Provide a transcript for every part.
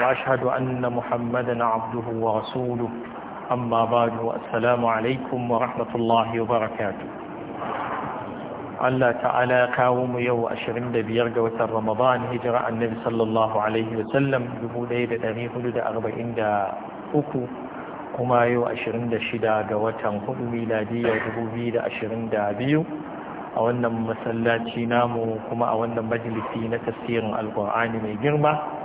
وأشهد أن محمد عبده ورسوله أما بعد السلام عليكم ورحمة الله وبركاته Allah ta'ala ya kawo mu yau a shirin da biyar ga watan Ramadan hijira annabi sallallahu dubu ɗaya da ɗari hudu da arba'in da uku kuma yau a shirin da shida ga watan hudu miladiyya dubu biyu da ashirin da biyu a wannan masallaci namu kuma a wannan majalisi na tasirin alkur'ani mai girma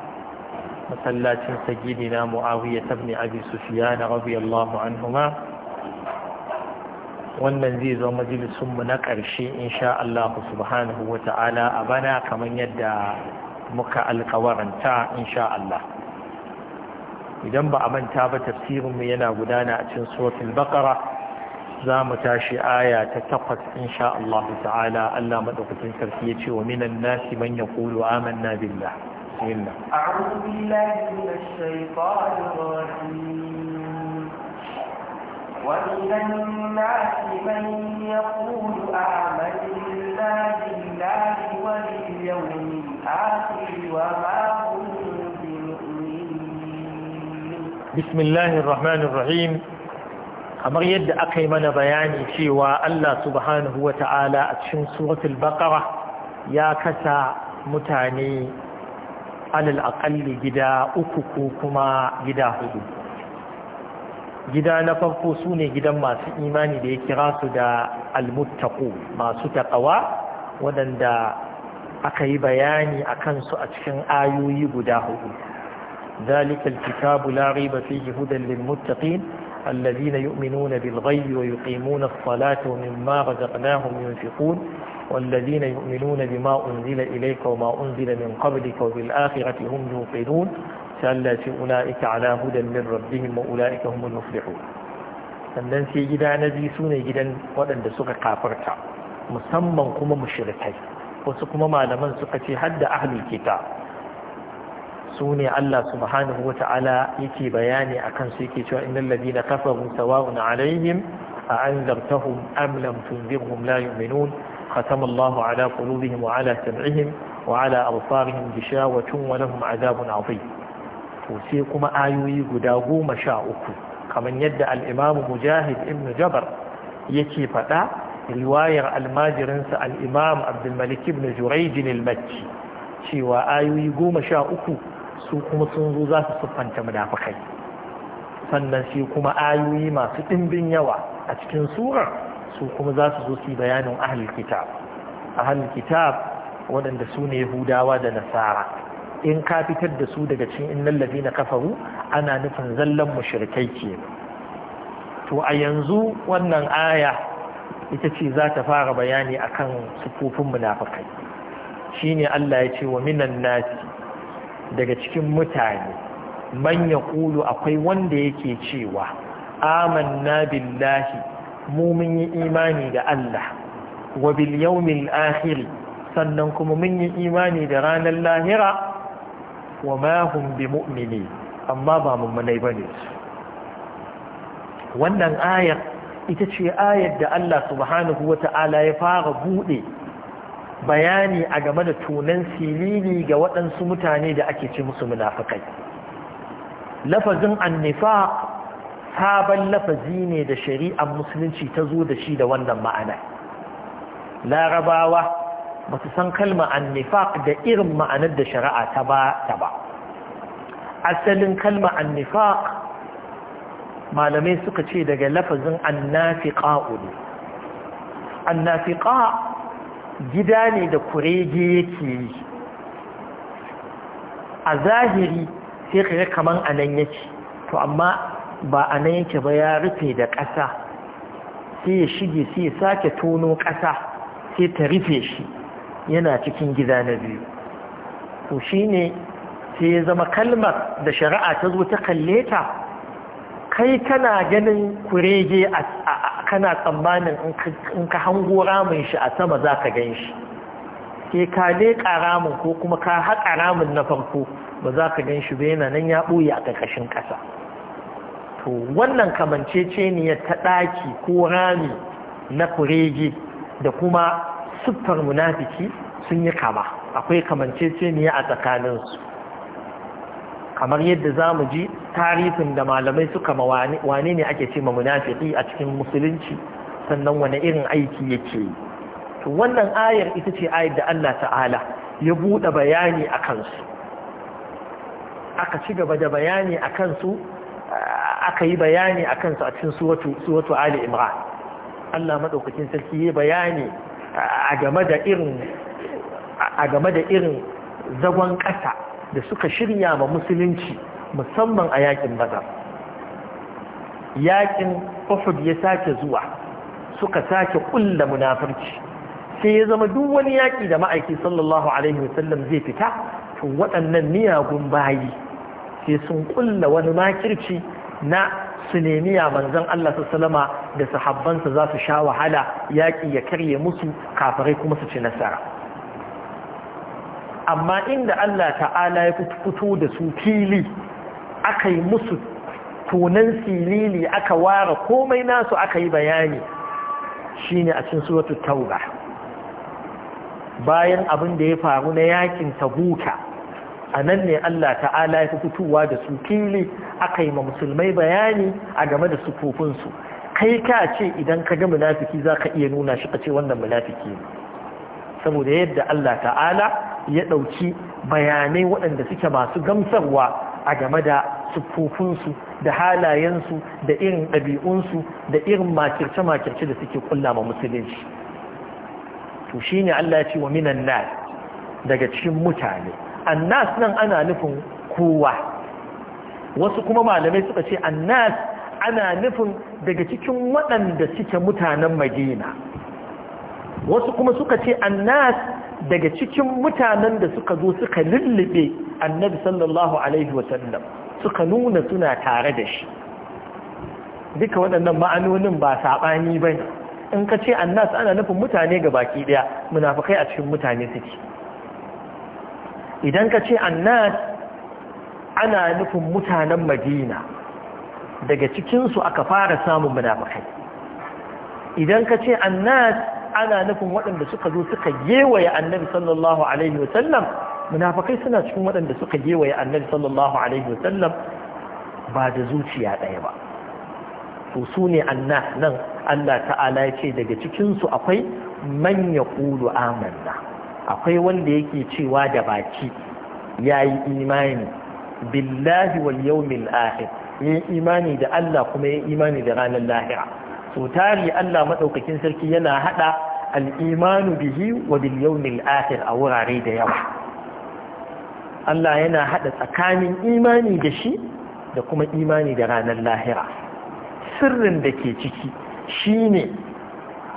masallacin sayyidina muawiya ibn abi sufyan radiyallahu anhuma wannan zai zo majalisunmu mu na ƙarshe insha Allah subhanahu wa ta'ala a bana kamar yadda muka alkawaranta insha Allah idan ba a manta ba tafsirin mu yana gudana a cikin suratul bakara za mu tashi aya ta takwas insha Allah ta'ala Allah madaukakin sarki ya ce wa minan nasi man yaqulu amanna billah بسم الله أعوذ بالله من الشيطان الرجيم ومن الناس من يقول آمنا بالله وباليوم الآخر وما هم بمؤمنين بسم الله الرحمن الرحيم kamar yadda aka yi mana bayani cewa Allah subhanahu wa ta'ala a cikin suratul baqara ya kasa mutane alal aƙalli gida uku ko kuma gida hudu gida na farko su ne gidan masu imani da ya kira su da almuttaku masu taƙawa waɗanda aka yi bayani a kansu a cikin ayoyi guda hudu ذلك الكتاب لا ريب فيه هدى للمتقين الذين يؤمنون بالغيب ويقيمون الصلاة ومما رزقناهم ينفقون والذين يؤمنون بما أنزل إليك وما أنزل من قبلك وبالآخرة هم يوقنون سألتي أولئك على هدى من ربهم وأولئك هم المفلحون sannan sai gida na biyu su ne gidan waɗanda suka kafarta musamman kuma mushrikai wasu kuma malaman suka ce hadda ahlul kitab su ne Allah subhanahu wa ta’ala yake bayani a kan su yake cewa inna ladi na kafa mun sawa'un a alayhim a an zartahun amlam tun zin hum la yuminun khatam Allah ala kulubihim wa ala sam'ihim wa ala tun wa azabun azai to kuma ayoyi guda goma sha uku kamar yadda al'imam mujahid ibn jabar yake faɗa riwayar almajirinsa al'imam abdulmalik ibn jurejin almacci cewa ayoyi goma sha uku su kuma sun zo za su siffanta madafakai sannan shi kuma ayoyi masu ɗimbin yawa a cikin surar su kuma za su zo su bayanin ahal kitab Ahal kitab waɗanda su ne hudawa da nasara in ka fitar da su daga cikin lafi na kafaru ana nufin zallan mashirkai ke to a yanzu wannan aya ita ce za ta fara bayani akan sufufin Shi ne Allah ya ce wa minan nasi daga cikin mutane man kulu akwai wanda yake cewa amanna billahi mu mun yi imani da Allah wa bil yawmil akhir sannan kuma mun yi imani da ranar lahira wa ma hum bi mu'mini amma ba mummunai bane wannan ayar ita ce ayar da Allah subhanahu wata'ala ya fara bude bayani a game da tunan silili ga waɗansu mutane da ake ce musu munafikai lafazin annifa sabon lafazi ne da shari'ar musulunci ta zo da shi da wannan ma'ana larabawa ba su san kalma annifa da irin ma'anar da shari'a ta ba ta ba asalin kalma annifa malamai suka ce daga lafazin annafiqa ne ƙa'a gida ne da kurege yake yi a zahiri sai kaga kaman anan nan yake to amma ba a nan yake ba ya rufe da ƙasa sai ya shige sai ya sake tono ƙasa sai ta rufe shi yana cikin gida na biyu to shine sai ya zama kalmar da shari'a ta zo ta kalle ta kai kana ganin kurege kana tsammanin in ka hango ramin shi a sama za ka gan shi ke ka leƙa ramin ko kuma ka haƙa ramin na farko ba za ka gan shi ba yana nan ya ɓoye a ƙarƙashin ƙasa to wannan ya ta ɗaki ko rami na kurege da kuma siffar munafiki sun yi kama akwai ne a tsakaninsu kamar yadda za mu ji tarihin da malamai suka ma wane ne ake ce ma munafiki a cikin musulunci sannan wane irin aiki yake yi to wannan ayar ita ce ayar da Allah ta'ala ya buɗe bayani a kansu aka ci gaba da bayani a kansu aka yi bayani a kansu a cikin suwatu Ali imra Allah maɗaukacin sarki ya bayani a game da irin zagon ƙasa da suka shirya ma musulunci musamman a yakin badar yakin uhud ya sake zuwa suka sake kulla munafurci sai ya zama duk wani yaki da ma'aiki sallallahu alaihi wasallam zai fita to waɗannan miyagun bayi sai sun kulla wani makirci na su nemi ya manzon Allah salama da sahabbansa za su sha wahala yaƙi ya karye musu kafirai kuma su ci nasara amma inda Allah ta'ala ya fito da su fili aka yi musu tunan silili aka ware komai nasu aka yi bayani shine a cikin suratul tauba bayan abin da ya faru na yakin tabuka a nan ne Allah ta'ala ya fitowa da su fili aka yi ma musulmai bayani a game da sufufinsu kai ka ce idan ka ga munafiki za ka iya nuna shi ka ce wannan munafiki saboda yadda Allah ta'ala ya ɗauki bayanai waɗanda suke masu gamsarwa a game da siffofinsu da halayensu da irin ɗabi'unsu da irin makirce-makirce da suke kulla ma musulunci to shi ne Allah ya ce wa minan nas daga cikin mutane annas nan ana nufin kowa wasu kuma malamai suka ce annas ana nufin daga cikin waɗanda suke mutanen madina wasu kuma suka ce annas daga cikin mutanen da suka zo suka lullube annabi sallallahu alaihi wasallam suka nuna suna tare da shi duka waɗannan ma'anonin ba saɓani ba ne in ka ce annas ana nufin mutane ga baki ɗaya munafukai a cikin mutane suke idan ka ce annas ana nufin mutanen madina daga cikinsu aka fara samun munafukai idan ka ce annas ana nufin waɗanda suka zo suka gewaye annabi sallallahu alaihi wa sallam suna cikin waɗanda suka gewaye annabi sallallahu alaihi wa ba da zuciya ɗaya ba to su ne anna nan Allah ta'ala ya ce daga cikinsu akwai manya ya ƙulu amanna akwai wanda yake cewa da baki ya yi imani billahi wal yawmil akhir ya imani da Allah kuma ya imani da ranar lahira to tari Allah maɗaukakin sarki yana haɗa al bihi wa bil yawmil akhir a wurare da yawa Allah yana haɗa tsakanin imani da shi da kuma imani da ranar lahira sirrin da ke ciki shine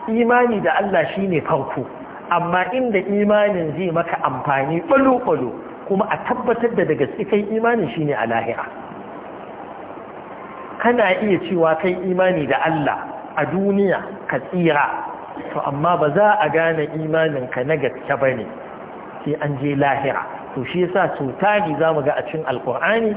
imani da Allah shine farko amma inda imanin zai maka amfani balo-balo kuma a tabbatar da daga tsikai imanin shine a lahira kana iya cewa kai imani da Allah a duniya ka tsira to amma ba za a gane imaninka na gaske ba ne sai an je lahira to shi yasa sau za mu ga a cin alkur'ani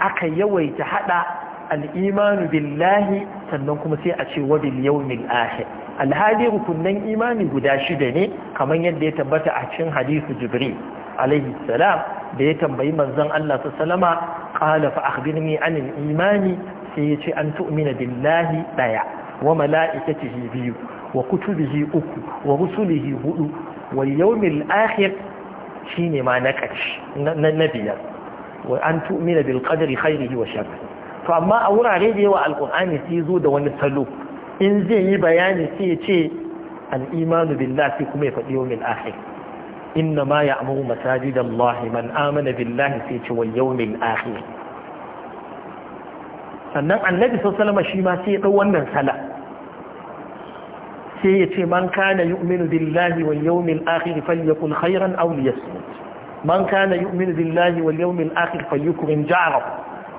aka yawaita hada al'imanu billahi sannan kuma sai a ce wa bil yawmil akhir alhali rukunnan imani guda shida ne kamar yadda ya tabbata a cikin hadisu jibril alaihi salam da ya tambayi manzon Allah sallama qala fa akhbirni anil imani sai ya ce an tu'mina billahi daya wa mala'ikatihi biyu wa kutubihi uku wa rusulihi hudu wa yawmil akhir shine ma na na biyar wa an tu'mina bil qadri khairihi wa sharri to amma a wurare da yawa alqur'ani sai zo da wani salo in zai yi bayani sai ya ce al imanu billahi kuma ya faɗi yawmil akhir inna ma ya'muru masajidallahi man amana billahi sai ce wal yawmil akhir sannan annabi sallallahu alaihi wasallam shi ma sai ya dau wannan sala sai ya ce man kana yu'minu billahi wal yawmil akhir falyakun khayran aw liyasmut man kana yu'minu billahi wal yawmil akhir falyukrim jarahu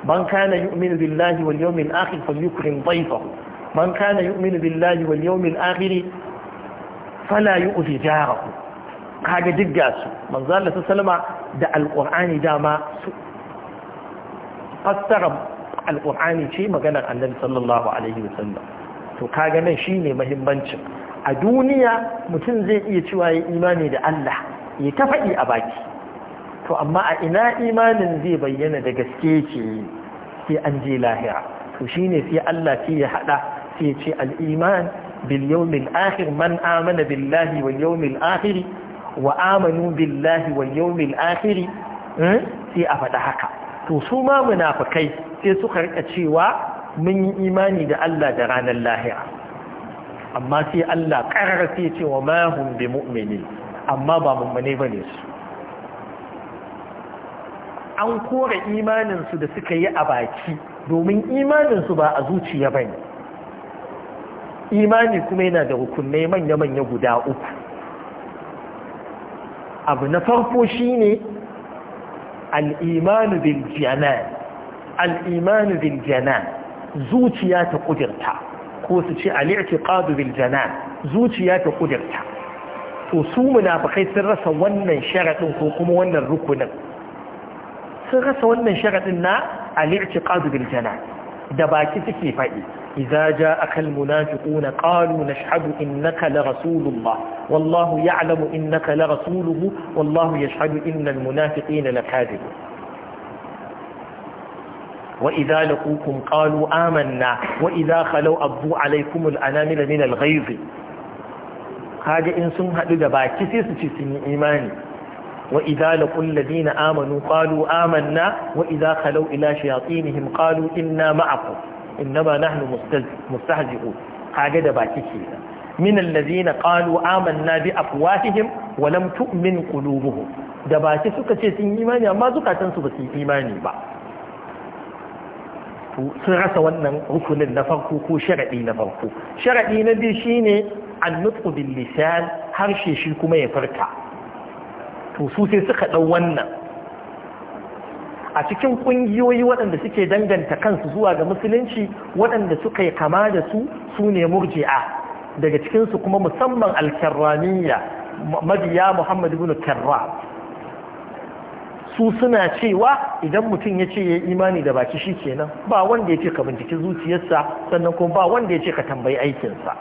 yu'minu billahi wal yawmil akhir falyukrim فليكرم man kana yu'minu billahi wal yawmil akhir fala yu'zi جاره kaga digga su manzo Allah sallama da alqur'ani dama su fassara alqur'ani ce maganar annabi sallallahu alaihi wasallam to kaga nan shine muhimmancin a duniya mutum zai iya cewa ya imani da Allah ya ta faɗi a baki to amma a ina imanin zai bayyana da gaske ce sai an je lahira to shine sai Allah sai ya haɗa sai ya ce al-iman bil yawmil akhir man amana billahi wal yawmil akhir wa amanu billahi wal yawmil akhir hmm? sai a faɗa haka to su ma munafikai sai suka rika cewa mun yi imani da Allah da ranar lahira amma sai Allah ƙarar sai ce wa mahun bi mu'mini amma ba mummune ba ne su an kore imaninsu da suka yi a baki domin imaninsu ba a zuciya ba ne imani kuma yana da rukunai manya-manya guda uku abu na farko shine al'imanu bil janan al'imanu bil janan zuciya ta ƙudirta, ko su ce al'irci ƙadu biljana zuciya ta ƙudirta to su muna sun rasa wannan sharaɗin ko kuma wannan rukunin sun rasa wannan sharaɗin na al'irci ƙadu biljana da baki suke faɗi iza ja akal munafiquna qalu nashhadu innaka la rasulullah wallahu ya'lamu innaka la rasuluhu wallahu yashhadu innal na lakadibun وإذا لقوكم قالوا آمنا وإذا خلوا أبو عليكم الأنامل من الغيظ هذا إن سنها لدبا كسيس تسمي إيماني وإذا لقوا الذين آمنوا قالوا آمنا وإذا خلوا إلى شياطينهم قالوا إنا معكم إنما نحن مستهزئون هذا دبا كسيس من الذين قالوا آمنا بأفواههم ولم تؤمن قلوبهم دبا كسيس تسمي إيماني أما زكاة سبسي إيماني بقى sun rasa wannan rukunin na farko ko sharaɗi na farko sharaɗi na biyu shine annutsu bil lisan harshe shi kuma ya farka. to su sai suka ɗau wannan a cikin ƙungiyoyi waɗanda suke danganta kansu zuwa ga musulunci waɗanda suka yi kama da su su ne murji'a daga cikinsu kuma musamman alkarramiya mabiya muhammad ibn karram su suna cewa idan mutum ya ce ya imani da baki shi kenan ba wanda ya ce ka binciki zuciyarsa sannan kuma ba wanda ya ce ka tambayi aikinsa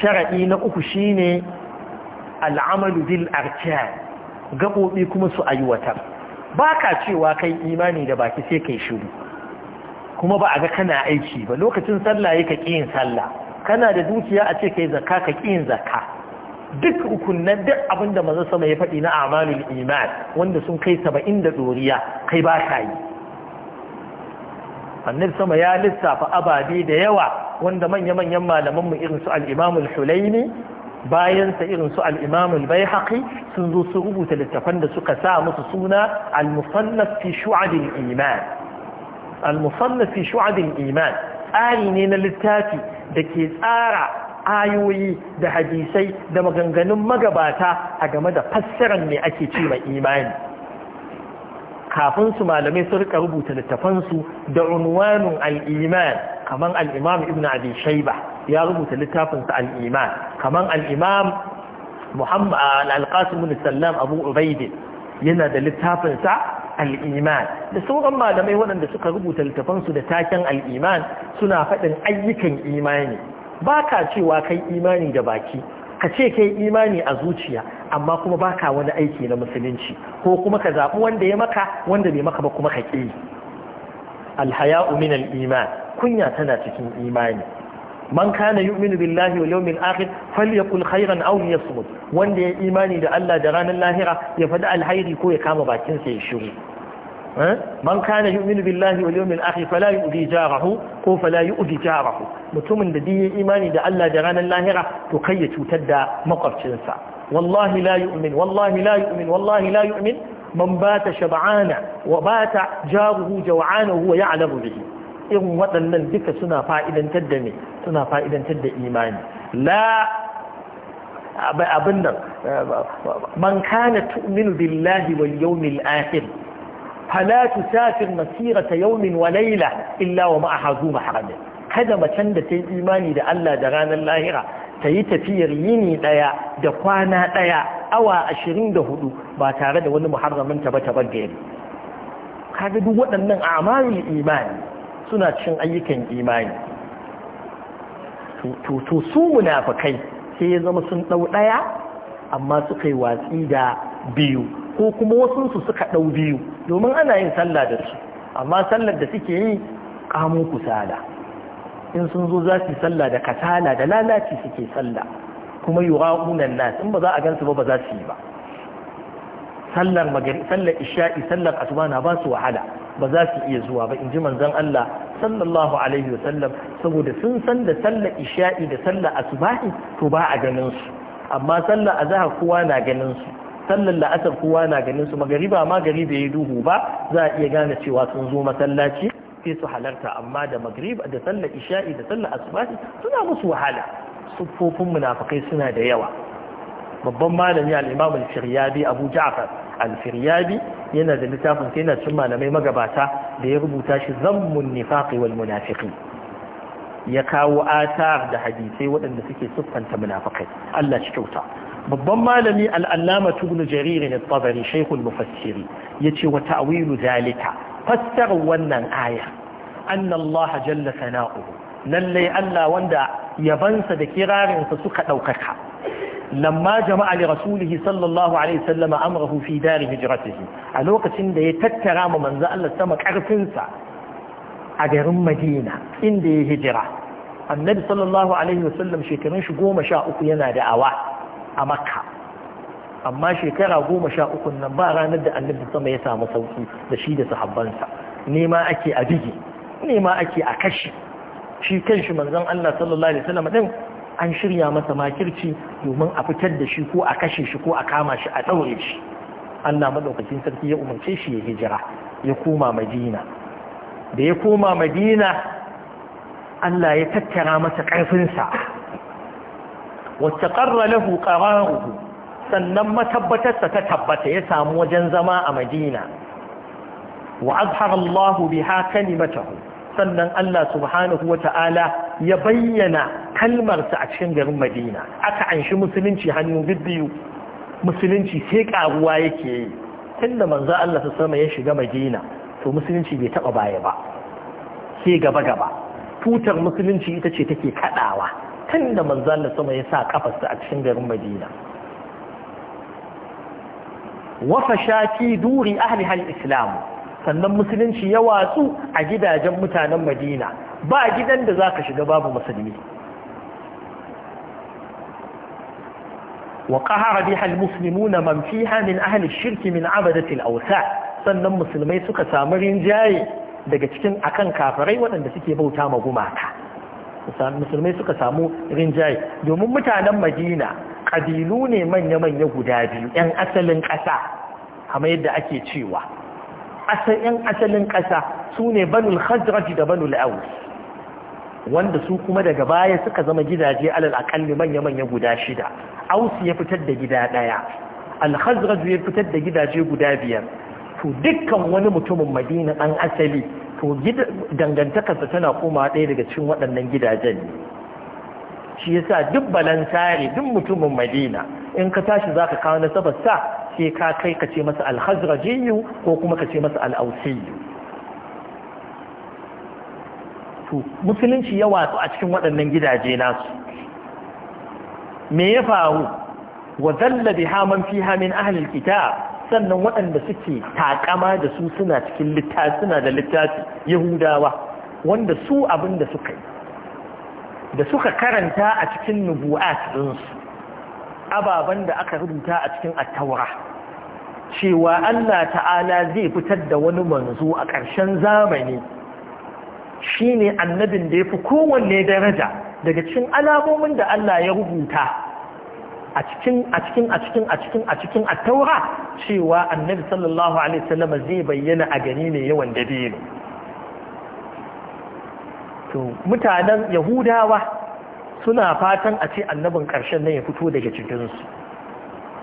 shara'i na uku shine al'amalu bil arkan gaɓoɓi kuma su aiwatar ba ka cewa kai imani da baki sai kai shiru kuma ba a ga kana aiki ba lokacin sallah ya ka ƙi yin sallah kana da dukiya a ce kai zakka ka ƙi yin zakka duk rukunan duk abin da sama ya faɗi na amalul iman wanda sun kai saba'in da doriya kai ba ka yi annabi sama ya lissafa ababe da yawa wanda manya-manyan malamanmu irin su al hulaini bayansa irin su al'imamul bai haƙi sun zo su rubuta littafan da suka sa musu suna al-musannaf shu'adin iman tsari ne na littafi da ke tsara ayoyi da hadisai da maganganun magabata a game da fassirar ne ake ce mai imani kafin su malamai sun rika rubuta littafansu da unwanin al'iman kaman al'imam ibn abi shaiba ya rubuta littafinsa al'iman kaman al'imam muhammad al-qasim sallam abu ubaidin yana da littafinsa al'iman da sauran malamai waɗanda suka rubuta littafansu da taken al'iman suna faɗin ayyukan imani ba ka cewa kai imani da baki ka ce kai imani a zuciya amma kuma ba ka wani aiki na musulunci ko kuma ka zaɓi wanda ya maka wanda bai maka ba kuma ka ƙi alhaya min iman kunya tana cikin imani man kana yu'minu billahi wal yawmil akhir falyakul khairan aw liyasmut wanda ya imani da Allah da ranar lahira ya faɗi alhairi ko ya kama bakin sa ya shiru من كان يؤمن بالله واليوم الآخر فلا يؤذي جاره أو فلا يؤذي جاره متوم من دي إيمان إذا ألا جران اللاهرة تقيت تدى مقف شنسا والله لا يؤمن والله لا يؤمن والله لا يؤمن من بات شبعانا وبات جاره جوعانا وهو يعلم به إن وطن من سنا فائدا تدني سنا فائدا تدى إيمان لا أبنى من كانت تؤمن بالله واليوم الآخر فلا تسافر مسيرة يوم وليلة إلا ومعها ذو محرم kada macen da ta yi imani da Allah da ranar lahira ta yi tafiyar yini ɗaya da kwana ɗaya awa ashirin da hudu ba tare da wani muharramin ta ba ta bagari kaga duk waɗannan amalin imani suna cin ayyukan imani to su munafakai sai ya zama sun ɗau ɗaya amma suka yi watsi da biyu ko kuma wasunsu suka ɗau biyu domin ana yin sallah da su amma sallar da suke yi kamo kusala in sun zo za su sallah da kasala da lalaci suke sallah kuma yura'unan nasu in ba za a gansu ba ba za su yi ba sallar magari sallar isha'i sallar asuba na ba su wahala ba za su iya zuwa ba in ji manzon Allah sallallahu alaihi wa sallam saboda sun san da sallar isha'i da sallar asubahi to ba a ganin su amma sallar azhar kowa na ganin su sallar la'asar kowa na ganin su magariba ma gari ya yi duhu ba za a iya gane cewa sun zo masallaci sai su halarta amma da magariba da sallar isha'i da sallar asubahi suna musu wahala siffofin munafikai suna da yawa babban malami al-imam al-firyabi abu ja'far al-firyabi yana da littafin sai yana cin malamai magabata da ya rubuta shi zammun nifaqi wal munafiqin ya kawo atar da hadisai waɗanda suke siffanta munafikai Allah shi kyauta babban malami al'allama tubnu jaririn al-tabari shaikul mufassiri ya ce wa ta'awilu zalika fassar wannan aya an Allah jalla sana'uhu lallai Allah wanda yabansa da kirarinsa suka ɗaukaka lamma jama'a li rasulihi sallallahu alaihi sallam amrahu fi dari hijratihi a lokacin da ya tattara ma manzo Allah sama karfinsa a garin Madina inda ya hijira annabi sallallahu alaihi wasallam shekarun shi goma sha uku yana awa. a makka amma shekara goma sha uku nan ba ranar da annabi sama ya samu sauki da shi da sahabbansa nema ake a bige nema ake a kashe shi kanshi manzon Allah sallallahu alaihi wasallam din an shirya masa makirci domin a fitar da shi ko a kashe shi ko a kama shi a daure shi Allah madaukakin sarki ya umarce shi ya hijira ya koma Madina da ya koma Madina Allah ya tattara masa ƙarfinsa wacce ƙarra lahu ƙararuhu sannan matabbatarsa ta tabbata ya samu wajen zama a madina wa azhar Allahu biha kalimatahu sannan Allah subhanahu wa ta'ala ya bayyana kalmarsa a cikin garin madina aka anshi musulunci hannu biyu-biyu musulunci sai ƙaruwa yake yi tunda manzo Allah ta sama ya shiga madina to musulunci bai taɓa baya ba sai gaba gaba tutar musulunci ita ce take kaɗawa tun da manzan da sama ya sa kafasta a cikin garin madina wafa shafi duri ahli hal islam sannan musulunci ya watsu a gidajen mutanen madina ba gidan da za ka shiga babu musulmi وقهر بها المسلمون من فيها من أهل min من عبدة الأوثان sannan musulmai suka samu rinjaye daga cikin akan kafirai waɗanda suke bauta ma gumaka musulmai suka samu rinjaye domin mutanen madina kabilu ne manya-manya guda biyu 'yan asalin ƙasa kamar yadda ake cewa yan asalin ƙasa su ne banul khazraj da banul aus wanda su kuma daga baya suka zama gidaje alal akalli manya-manya guda shida aus ya fitar da gida ɗaya al ya fitar da gidaje guda biyar to dukkan wani mutumin madina ɗan asali to dangantakarsa tana koma ɗaya daga cikin waɗannan gidajen ne shi yasa duk balansari duk mutumin madina in ka tashi za ka kawo nasabar sa sai ka kai ka ce masa alhazrajiyu ko kuma ka ce masa al'ausiyu to musulunci ya watsu a cikin waɗannan gidaje nasu me ya faru wa zalla biha man fiha min ahlil alkitab sannan waɗanda suke taƙama da su suna cikin littafi suna da littafi yahudawa wanda su abin da suka yi da suka karanta a cikin nubu'at ɗinsu ababen da aka rubuta a cikin attaura cewa Allah ta'ala zai fitar da wani manzo a ƙarshen zamani shine annabin da ya fi kowanne daraja daga cikin alamomin da Allah ya rubuta a cikin a cikin a cikin a cikin a cikin taura cewa annabi sallallahu alaihi wasallam zai bayyana a gani ne yawan dabino to mutanen yahudawa suna fatan a ce annabin karshen nan ya fito daga cikin su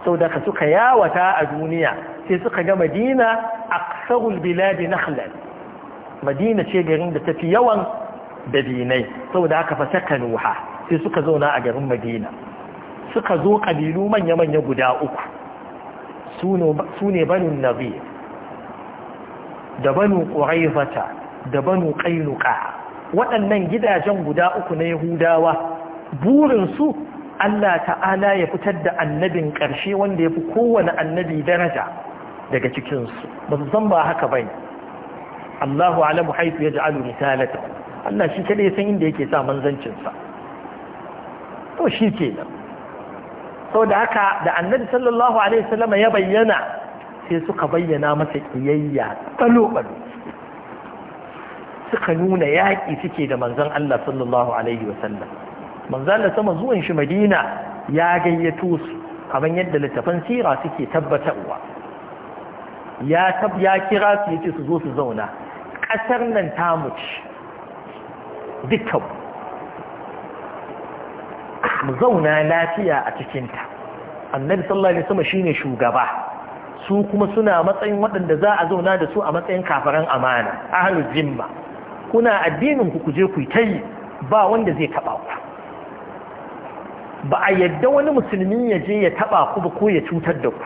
sau da suka yawata a duniya sai suka ga madina aksarul biladi nakhlan madina ce garin da tafi yawan dadinai saboda ka fa fasa sai suka zauna a garin madina suka zo ƙabilu manya-manya guda uku su ne banin nabi da banu ƙuraifata da banu ƙainuka waɗannan gidajen guda uku na yahudawa burinsu Allah ta'ala ya fitar da annabin ƙarshe wanda ya fi kowane annabi daraja daga cikinsu ba su san ba haka bai Allahu alamu haifu ya alu misalata Allah shi kadai san inda yake sa manzancinsa to shi nan. da haka da annabi sallallahu alaihi wasallam ya bayyana sai suka bayyana masa kiyayya tsalo balo suka nuna yaƙi suke da manzon Allah sallallahu alaihi wasallam manzon Allah sama zuwan shi Madina ya gayyato su kamar yadda littafan sira suke tabbatarwa ya tab ya kira su yace su zo su zauna ƙasar nan ta muci dukkan mu zauna lafiya a cikinta annabi sallallahu alaihi wasallam shine shugaba su kuma suna matsayin waɗanda za a zauna da su a matsayin kafaran amana ahlul zimma kuna addinin ku kuje ku yi ba wanda zai taba ku ba a yadda wani musulmi ya je ya taba ku ba ko ya cutar da ku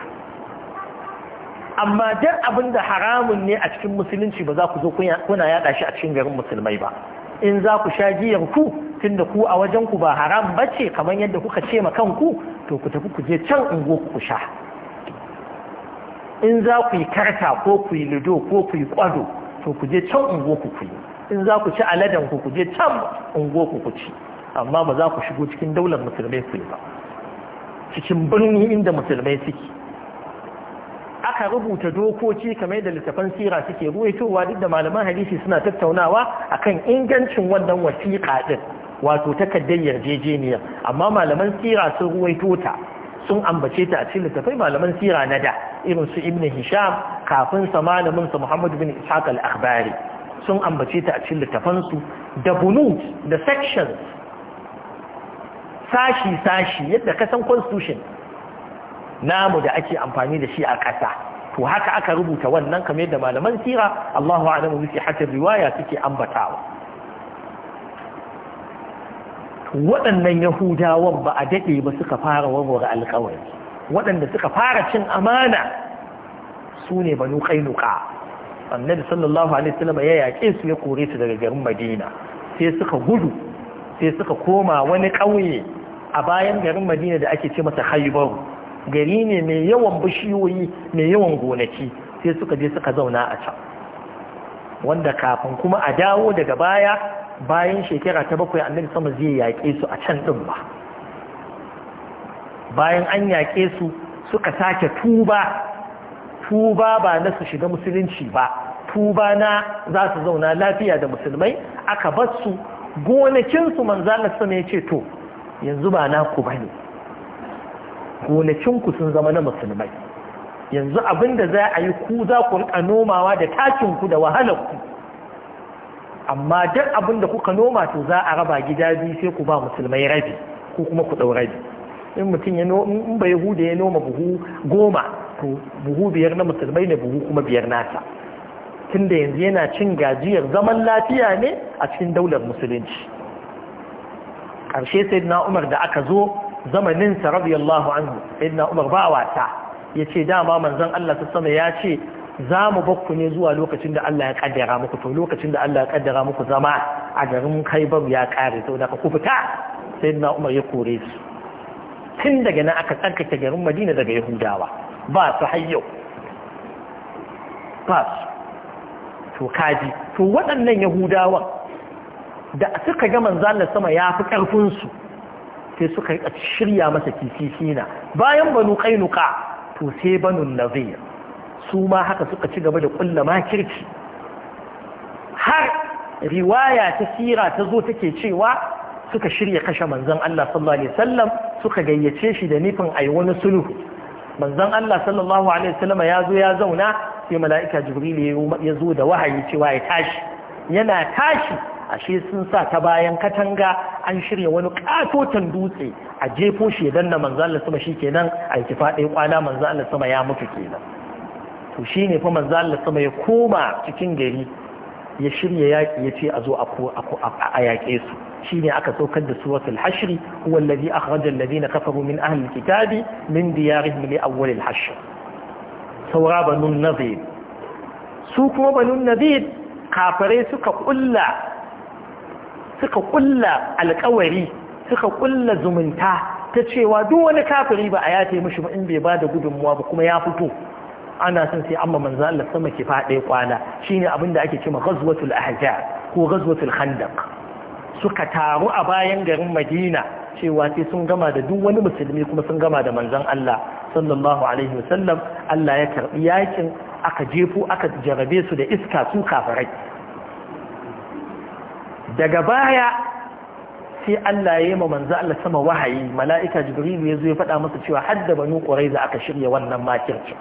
amma duk abinda haramun ne a cikin musulunci ba za ku zo kuna yada shi a cikin garin musulmai ba in za ku sha giyar ku tunda ku a wajen ku ba haram bace kamar yadda kuka ce ma kanku to ku tafi ku je can ungo ku sha in za ku yi karta ko ku yi lido ko ku yi kwado to ku je can ungo ku ku yi in za ku ci aladen ku ku je can ungo ku ku ci amma ba za ku shigo cikin daular musulmai ku yi ba cikin birni inda musulmai suke aka rubuta dokoki kamar da littafan sira suke ruwaitowa duk da malaman hadisi suna tattaunawa akan ingancin wannan wasiƙa din wato takaddar yarjejeniya amma malaman sira sun ruwaito ta sun ambace ta a cikin littafai malaman sira na da irin su ibn hisham kafin sa malamin sa muhammad bin ishaq al-akhbari sun ambace ta a cikin littafan su da bunut da sections sashi sashi yadda kasan constitution namu da ake amfani da shi a ƙasa to haka aka rubuta wannan kamar yadda malaman sira Allahu a'lamu bi sihhatir riwaya suke ambatawa waɗannan yahudawan ba a daɗe ba suka fara warware alƙawari waɗanda suka fara cin amana su ne banu kainuka annabi sallallahu alaihi wasallam ya yaƙe su ya kore su daga garin madina sai suka gudu sai suka koma wani ƙauye a bayan garin madina da ake ce masa khaybar gari ne mai yawan bishiyoyi mai yawan gonaki sai suka je suka zauna a can wanda kafin kuma a dawo daga baya bayan shekara ta bakwai annabi sama zai yaƙe su a can ɗin ba bayan an yaƙe su suka sake tuba tuba ba na su shiga musulunci ba tuba na za su zauna lafiya da musulmai aka bar su gonakinsu manzalar sama ya ce to yanzu ba ku ba ne gonakinku sun zama na musulmai yanzu abin da za a yi ku za ku rika nomawa da takinku da wahalarku amma duk abin da kuka noma to za a raba gida biyu sai ku ba musulmai rabi ko kuma ku ɗau rabi in mutum ya in bai hude ya noma buhu goma to buhu biyar na musulmai ne buhu kuma biyar nasa tunda yanzu yana cin gajiyar zaman lafiya ne a cikin daular musulunci ƙarshe sai na umar da aka zo zamaninsa radiyallahu anhu inna umar ba wata ya ce dama manzan Allah ta sama ya ce za mu bakku ne zuwa lokacin da Allah ya kaddara muku to lokacin da Allah ya kaddara muku zama a garin kaibar ya kare saboda ka ku fita sai na Umar ya kore su tun daga nan aka tsarkake garin Madina daga Yahudawa ba su hayyo ba su to kaji to waɗannan Yahudawan da suka ga manzan Allah sama ya fi karfin su sai suka shirya masa kisisina bayan banu kainuka to sai banu nazir su ma haka suka ci gaba da ma kirki. har riwaya ta sira ta zo take cewa suka shirya kashe manzon Allah sallallahu alaihi wasallam suka gayyace shi da nufin ai wani sulhu manzon Allah sallallahu alaihi wasallam ya zo ya zauna sai mala'ika jibril ya zo da wahayi cewa ya tashi yana tashi ashe sun sa ta bayan katanga an shirya wani katotan dutse a jefo shi ya danna manzo Allah sama shikenan a yi faɗe kwana manzo Allah sama ya mutu kenan to shine fa manzo Allah sama ya koma cikin gari ya shirya yaki ya ce a zo a yaƙe su shine aka saukar da suratul hashri huwa alladhi akhraja alladhina kafaru min ahli alkitabi min diyarihim li awwal alhashr saura banun su kuma banun nadir kafare suka kulla suka kulla alkawari suka kulla zumunta ta cewa duk wani kafiri ba a yace mishi ba in bai bada gudunmuwa ba kuma ya fito ana son sai amma manzo Allah sama ke faɗe kwana shine abin da ake cewa ghazwatul ahzab ko ghazwatul khandaq suka taru a bayan garin Madina cewa sai sun gama da duk wani musulmi kuma sun gama da manzon Allah sallallahu alaihi wasallam Allah ya karbi yakin aka jefo aka jarabe su da iska su kafirai daga baya sai Allah ya yi ma manzo Allah sama wahayi mala'ika jibril ya zo ya faɗa masa cewa hadda banu quraiza aka shirya wannan makirci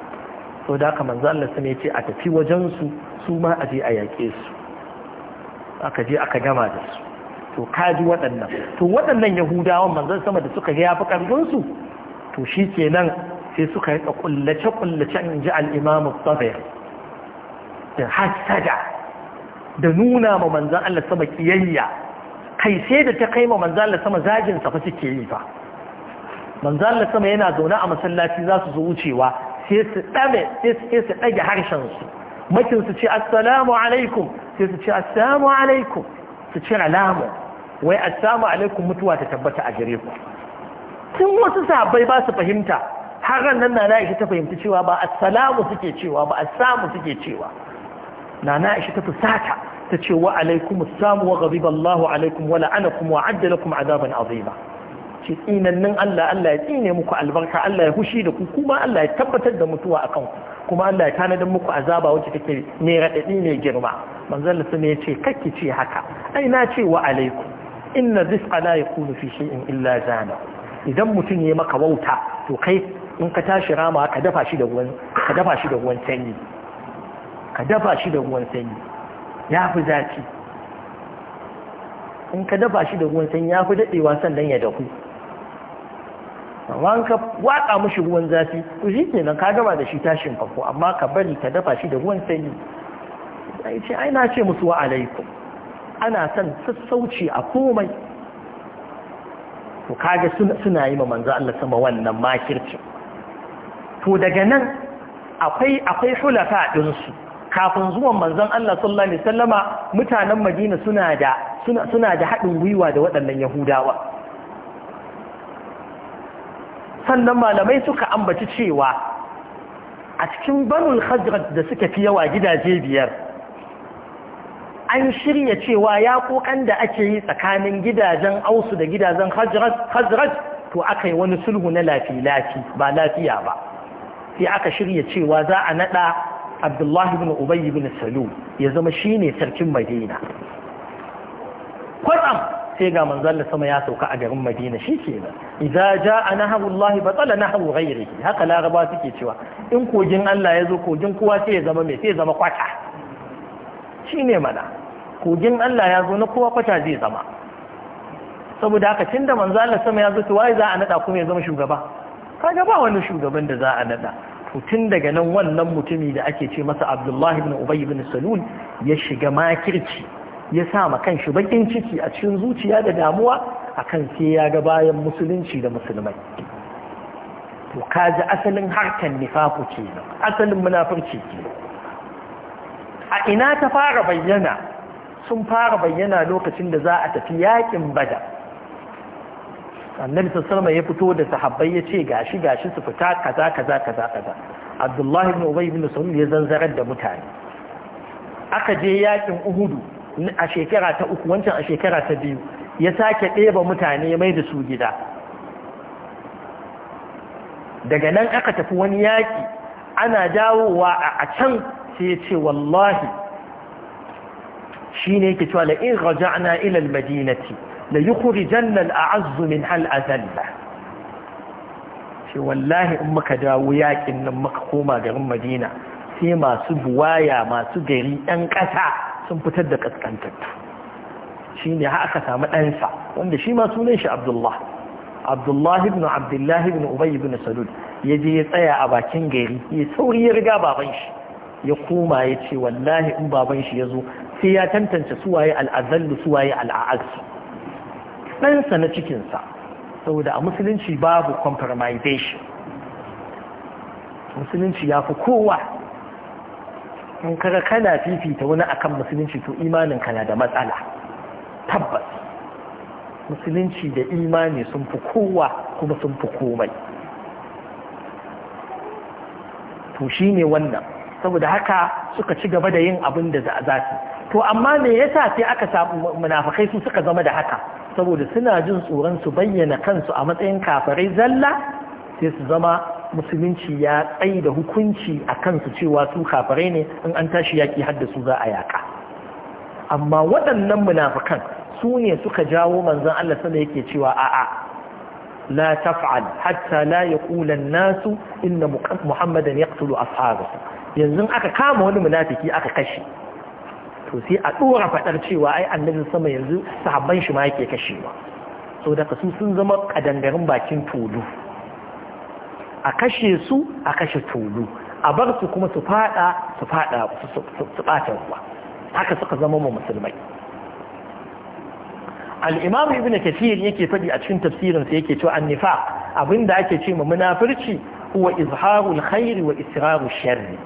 to da ka manzo Allah sama ya ce a tafi wajen su su ma a je a yaƙe su aka je aka gama da su to kaji waɗannan to waɗannan yahudawan manzo sama da suka ga yafi karfin su to shi kenan sai suka yi kullace kullace in ji al-imam da hasada da nuna ma manzan Allah sama kiyayya kai sai da ta kai ma manzan Allah sama zagin sa fa suke yi fa manzan Allah sama yana zaune a masallaci za su zo wucewa sai su ɗage sai harshen su makin su ce assalamu alaikum sai su ce assalamu alaikum su ce alamu wai assalamu alaikum mutuwa ta tabbata a gare ku tun wasu sabai ba su fahimta har nan na ta fahimta cewa ba assalamu suke cewa ba assamu suke cewa na na aisha ta fusata ta ce wa alaikum assamu wa ghadiba Allahu alaikum wa la'anakum wa addalakum azaban azima ce tsinannin Allah Allah ya tsine muku albarka Allah ya hushi da ku kuma Allah ya tabbatar da mutuwa akan ku kuma Allah ya tanadin muku azaba wacce take ne radadi ne girma manzon Allah ne ya ce kakki ce haka ai na ce wa alaikum inna rizqa la yakunu fi shay'in illa zana idan mutum ya maka wauta to kai in ka tashi rama ka dafa shi da ruwan ka dafa shi da ruwan sanyi ka dafa shi da ruwan sanyi ya fi zafi in ka dafa shi da ruwan sanyi ya fi daɗewa sannan ya dahu Wanka ka watsa mashi ruwan zafi to shi nan ka gama da shi tashin farko amma ka bari ka dafa shi da ruwan sanyi yi ce ai ce musu wa alaikum ana son sassauci a komai to kaga suna yi ma manzo Allah sama wannan makircin to daga nan akwai akwai hulafa ɗinsu kafin zuwan manzon Allah sallallahu alaihi mutanen Madina suna da suna da haɗin gwiwa da waɗannan Yahudawa sannan malamai suka ambaci cewa a cikin banul khajrat da suka fi yawa gidaje biyar an shirya cewa ya kokan da ake yi tsakanin gidajen ausu da gidajen khajrat, to aka yi wani sulhu na lafi-lafi ba lafiya ba sai aka shirya cewa za a naɗa. abdullahi bin ubayy bin salul ya zama shine sarkin madina kwatsam sai ga manzon sama ya sauka a garin madina shi ke nan idza jaa ba tsala nahabu ghairi haka laraba suke cewa in kogin Allah ya zo kogin kowa sai ya zama mai sai ya zama kwata ne mana kogin Allah ya zo na kowa kwata zai zama saboda haka tunda manzo Allah sama ya zo to wai za a nada kuma ya zama shugaba kaga ba wani shugaban da za a nada to tun daga nan wannan mutumi da ake ce masa abdullahi bin ubayi bin salul ya shiga makirci ya sa ma shi bakin ciki a cikin zuciya da damuwa a kan sai ya ga bayan musulunci da musulmai to kaji asalin harkan nifafu ke asalin munafurci ke a ina ta fara bayyana sun fara bayyana lokacin da za a tafi yakin bada annabi sallama ya fito da sahabbai ya ce gashi gashi su fita kaza kaza kaza kaza abdullahi ibn ubay ibn salul ya zanzarar da mutane aka je yakin uhudu a shekara ta uku wancan a shekara ta biyu ya sake ɗeba mutane mai da su gida daga nan aka tafi wani yaƙi ana dawowa a can sai ya ce wallahi shi ne yake cewa in raja'na ilal madinati la yukhrijanna al-a'azz min al-azalla shi wallahi in muka dawo yaƙin nan muka koma garin Madina sai masu buwaya masu gari ɗan ƙasa sun fitar da kaskantattu shi ne aka samu ɗansa wanda shi ma sunan shi Abdullah Abdullah ibn Abdullah ibn Ubay ibn Salul ya je ya tsaya a bakin gairi, ya sauri ya riga baban shi ya koma ya ce wallahi in baban shi ya zo sai ya tantance suwaye al'azallu suwaye al'a'azzu ɗansa na cikinsa saboda a musulunci babu compromisation musulunci ya fi kowa in kaga kana fifita wani akan musulunci to imanin kana da matsala tabbas musulunci da imani sun fi kowa kuma sun fi komai to ne wannan saboda haka suka ci gaba da yin abin da za su to amma me yasa sai aka samu munafikai su suka zama da haka saboda suna jin tsoron su bayyana kansu a matsayin kafirai zalla sai su zama musulunci ya tsayi da hukunci a kansu cewa su kafirai ne in an tashi yaki har da su za a yaka amma waɗannan munafikan su ne suka jawo manzon Allah sallallahu yake cewa a'a la taf'al hatta la yaqula an-nasu inna muhammadan yaqtulu ashabahu yanzu aka kama wani munafiki aka kashe to sai a ɗora faɗar cewa ai annabin sama yanzu sahabban shi ma yake kashewa sau da su sun zama kadangarin bakin tulu a kashe su a kashe tulu a bar su kuma su fada su fada su ɓata ruwa haka suka zama mu musulmai al'imam ibn kathir yake faɗi a cikin tafsirinsa yake cewa Abin abinda ake ce ma munafirci huwa izharul khairi wa israrul sharri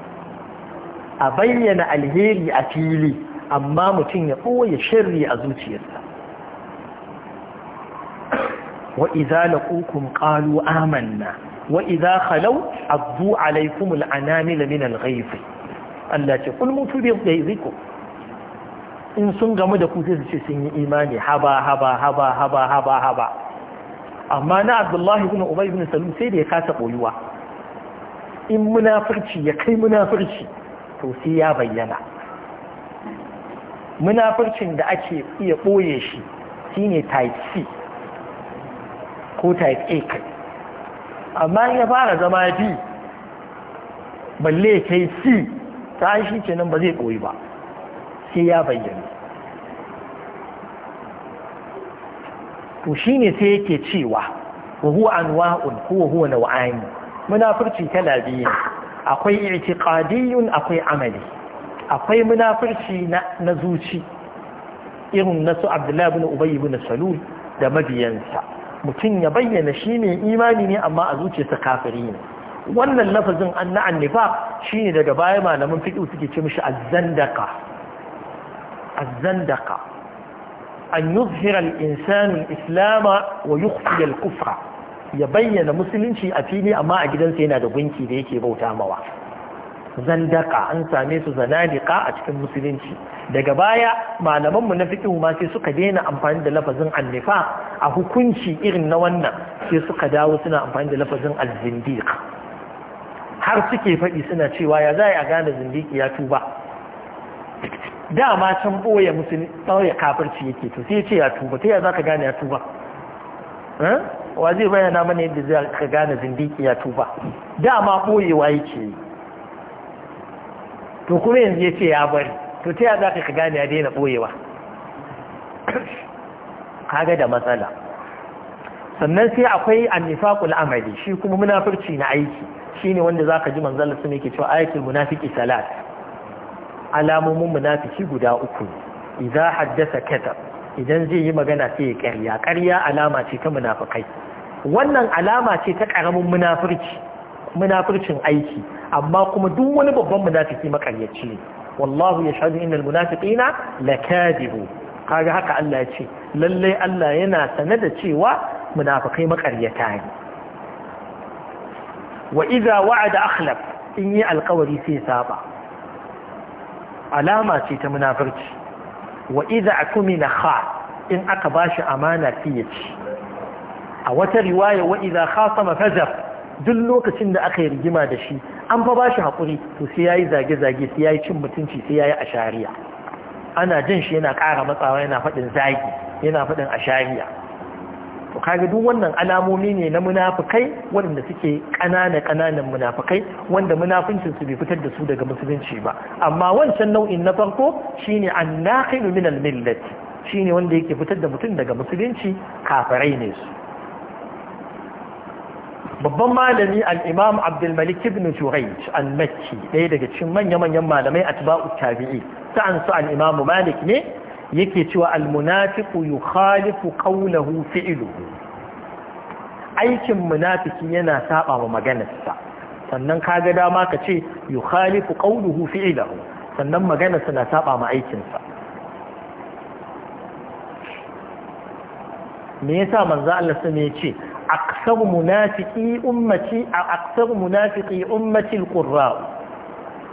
a bayyana alheri a fili amma mutum ya ɓoye shirri a zuciyarsa wa iza laqukum qalu amanna wa iza khalaw addu alaykum al'anamil min al-ghayz Allah ce kul mutu bi ghayzikum in sun gamu da ku sai su sun yi imani haba haba haba haba haba haba amma na Abdullahi ibn Ubay ibn Salul sai da ya kasa boyuwa in munafirci ya kai munafirci to sai ya bayyana munafircin da ake iya ɓoye shi shine type C ko type A kai amma ya fara zama B balle kai C ta shi ce nan ba zai ɓoye ba sai ya bayyana to shine sai yake cewa an wa'un ko wahu huwa wa'ani. munafirci kala biyu akwai i'tiqadiyun akwai amali akwai munafurci na zuci irin na su abdullahi bin ubayi bin salul da mabiyansa mutum ya bayyana shi ne imani ne amma a zuciyarsa kafiri ne wannan lafazin an na annifaq shi ne daga baya malamin fiƙi suke ce mishi azzandaka azzandaka an yuzhira al-insanu islama wa yukhfi al-kufra ya bayyana musulunci a fili amma a gidansa yana da gunki da yake bauta mawa zandaka an same su zanadika a cikin musulunci daga baya malaman mu na fikihu ma sai suka daina amfani da lafazin annifa a hukunci irin na wannan sai suka dawo suna amfani da lafazin alzindiq har suke faɗi suna cewa ya za a gane zindiki ya tuba dama can ɓoye musulun ɓoye kafirci yake to sai ce ya tuba ta ya za ka gane ya tuba eh? wa zai bayyana mana yadda za ka gane zindiki ya tuba dama boyewa yake yi to kuma yanzu ya ce ya bari to ta za ka gane ya daina ɓoyewa kaga da matsala sannan sai akwai annifaqul amali shi kuma munafurci na aiki shi ne wanda za ka ji su ne yake cewa aikin munafiki salat alamomin munafiki guda uku idza haddasa idan zai yi magana sai ya ƙarya ƙarya alama ce ta munafikai wannan alama ce ta ƙaramin munafurci munafircin aiki amma kuma duk wani babban munafiki makaryaci ne wallahu yashhadu innal munafiqina lakadibu kaga haka Allah ya ce lalle Allah yana sane da cewa munafikai makaryata ne wa idza wa'ada akhlaf in yi alkawari sai saba alama ce ta munafirci wa idza akumina kha in aka bashi amana sai ya ci a wata riwaya wa idza khasama duk lokacin da aka yi rigima da shi an fa ba shi haƙuri to sai ya yi zage-zage sai ya yi cin mutunci sai ya yi ashariya ana jin shi yana ƙara matsawa yana faɗin zagi yana faɗin ashariya to kaga duk wannan alamomi ne na munafukai waɗanda suke ƙanana ƙananan munafukai wanda munafincin su bai fitar da su daga musulunci ba amma wancan nau'in na farko shine annaqilu min millati shine wanda yake fitar da mutum daga musulunci kafirai ne su babban malami al'imam Abdulmalik ibn al-makki ɗaya daga cikin manya-manyan malamai atba'u tabi'i an su al'imam malik ne yake cewa al aikin munafiki yana saba wa maganarsa sannan kaga dama ka ce yukhalifu qawluhu fi'luhu sannan maganarsa na saba ma aikinsa me yasa manzo Allah sai ya ce أكثر منافقي أمتي أكثر منافقي أمتي القراء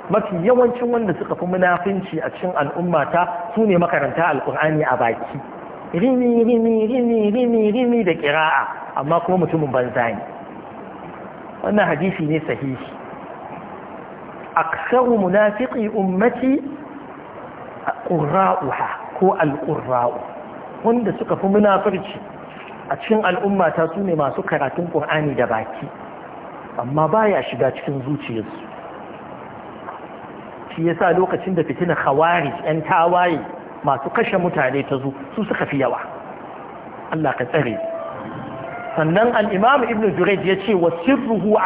mafi yawancin wanda suka fi munafinci a cikin al'ummata su ne makaranta Alƙur'ani a baki rimi rimi rimi rimi rimi da ƙira'a amma kuma mutumin banza ne wannan hadisi ne sahihi aksaru munafiqi ummati qurra'uha ko al wanda suka fi munafirci a cikin al'ummata su ne masu karatun ƙur'ani da baki amma baya shiga cikin zuciyarsu shi yasa lokacin da fitina hawari yan tawaye masu kashe mutane ta zu su suka fi yawa Allah ka tsare sannan al-Imam Ibn Jurayj ya ce wa sirruhu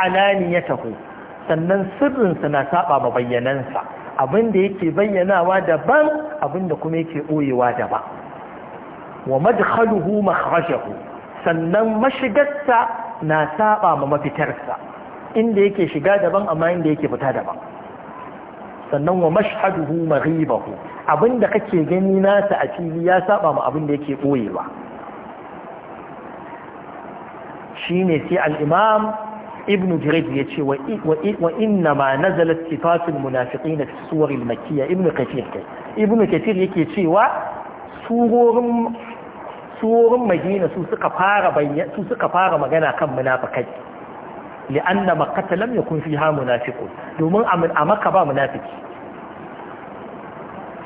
taho sannan sirrinsa na saba ma bayyanansa abinda yake bayyanawa daban abinda kuma yake ɓoyewa daban wa madkhaluhu makhrajahu sannan mashigarsa na saba ma mafitarsa inda yake shiga daban amma inda yake fita daban sannan wa mashhaduhu maghibahu abinda kake gani nasa a fili ya saba ma abinda yake boyewa shine sai al-imam ibn jiraj yace wa wa inna ma nazalat sifatul munafiqin fi suwar al-makkiyya ibn kathir kai ibn kathir yake cewa surorin surorin madina su suka fara su suka fara magana kan munafikai li'anna makkata lam yakun fiha munafiqun domin a makka ba munafiki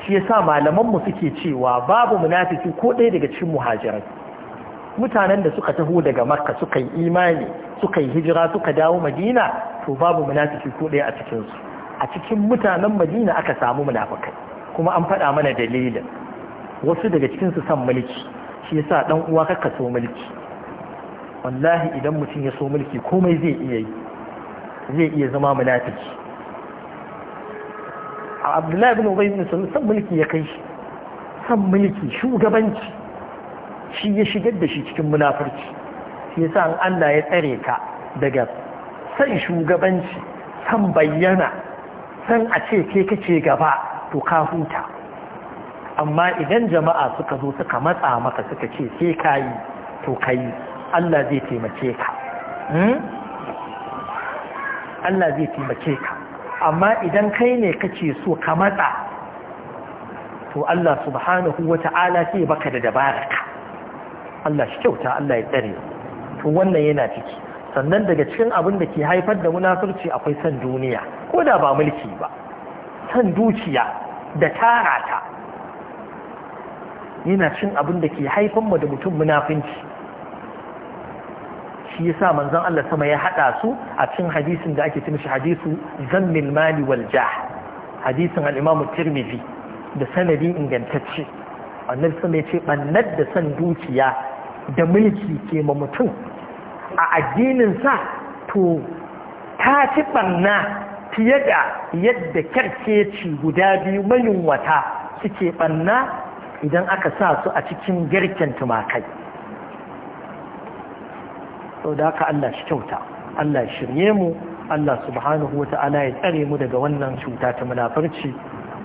shi yasa malaman mu suke cewa babu munafiki ko ɗaya daga cikin muhajirai mutanen da suka taho daga makka suka yi imani suka yi hijira suka dawo madina to babu munafiki ko ɗaya a cikinsu a cikin mutanen madina aka samu munafikai kuma an faɗa mana dalilin wasu daga cikinsu san mulki shi sa dan uwa kakka so mulki wallahi idan mutum ya so mulki komai zai iya yi zai iya zama munafiki abdullahi bin ubay bin san mulki ya kai shi san mulki shugabanci shi ya shigar da shi cikin munafurci shi yasa an Allah ya tsare ka daga san shugabanci san bayyana san a ce ke kace gaba to ka huta amma idan jama'a suka zo suka matsa maka suka ce sai ka yi to ka yi Allah zai taimake ka hmm? Allah zai taimake ka amma idan kai ne kace so ka matsa to Allah subhanahu ta’ala sai baka da dabaraka Allah shi kyauta Allah ya tsare to wannan yana ciki sannan daga cikin abin da ke haifar da munafurci akwai san duniya ko da ba mulki ba san dukiya da tara ta yana cin abin da ke haifan mu da mutum munafinci shi yasa manzon Allah sama ya haɗa su a cin hadisin da ake cin shi hadisu zan mali wal jah hadisin al-Imam Tirmidhi da sanadi ingantacce annabi sama ya ce da san dukiya da mulki ke ma mutum a addinin sa to ta ci banna fiye da yadda kyarkeci guda biyu mayunwata suke banna idan aka sa su a cikin girkin tumakai sau da aka Allah shi kyauta Allah shirye mu Allah subhanahu wata'ala ya tsare mu daga wannan cuta ta munafarci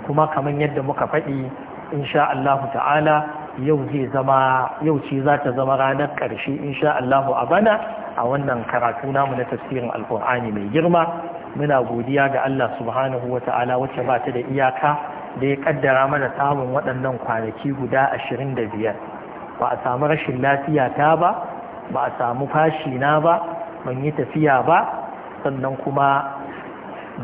kuma kamar yadda muka faɗi insha Allah ta'ala yau ce za ta zama ranar ƙarshe insha Allah a bana a wannan karatu namu na tafsirin Alƙur'ani mai girma muna godiya ga Allah subhanahu wata'ala wacce ba ta da iyaka da ya kaddara mana samun waɗannan kwanaki guda ashirin da biyar ba a samu rashin lafiya ta ba ba a samu fashi na ba ban yi tafiya ba sannan kuma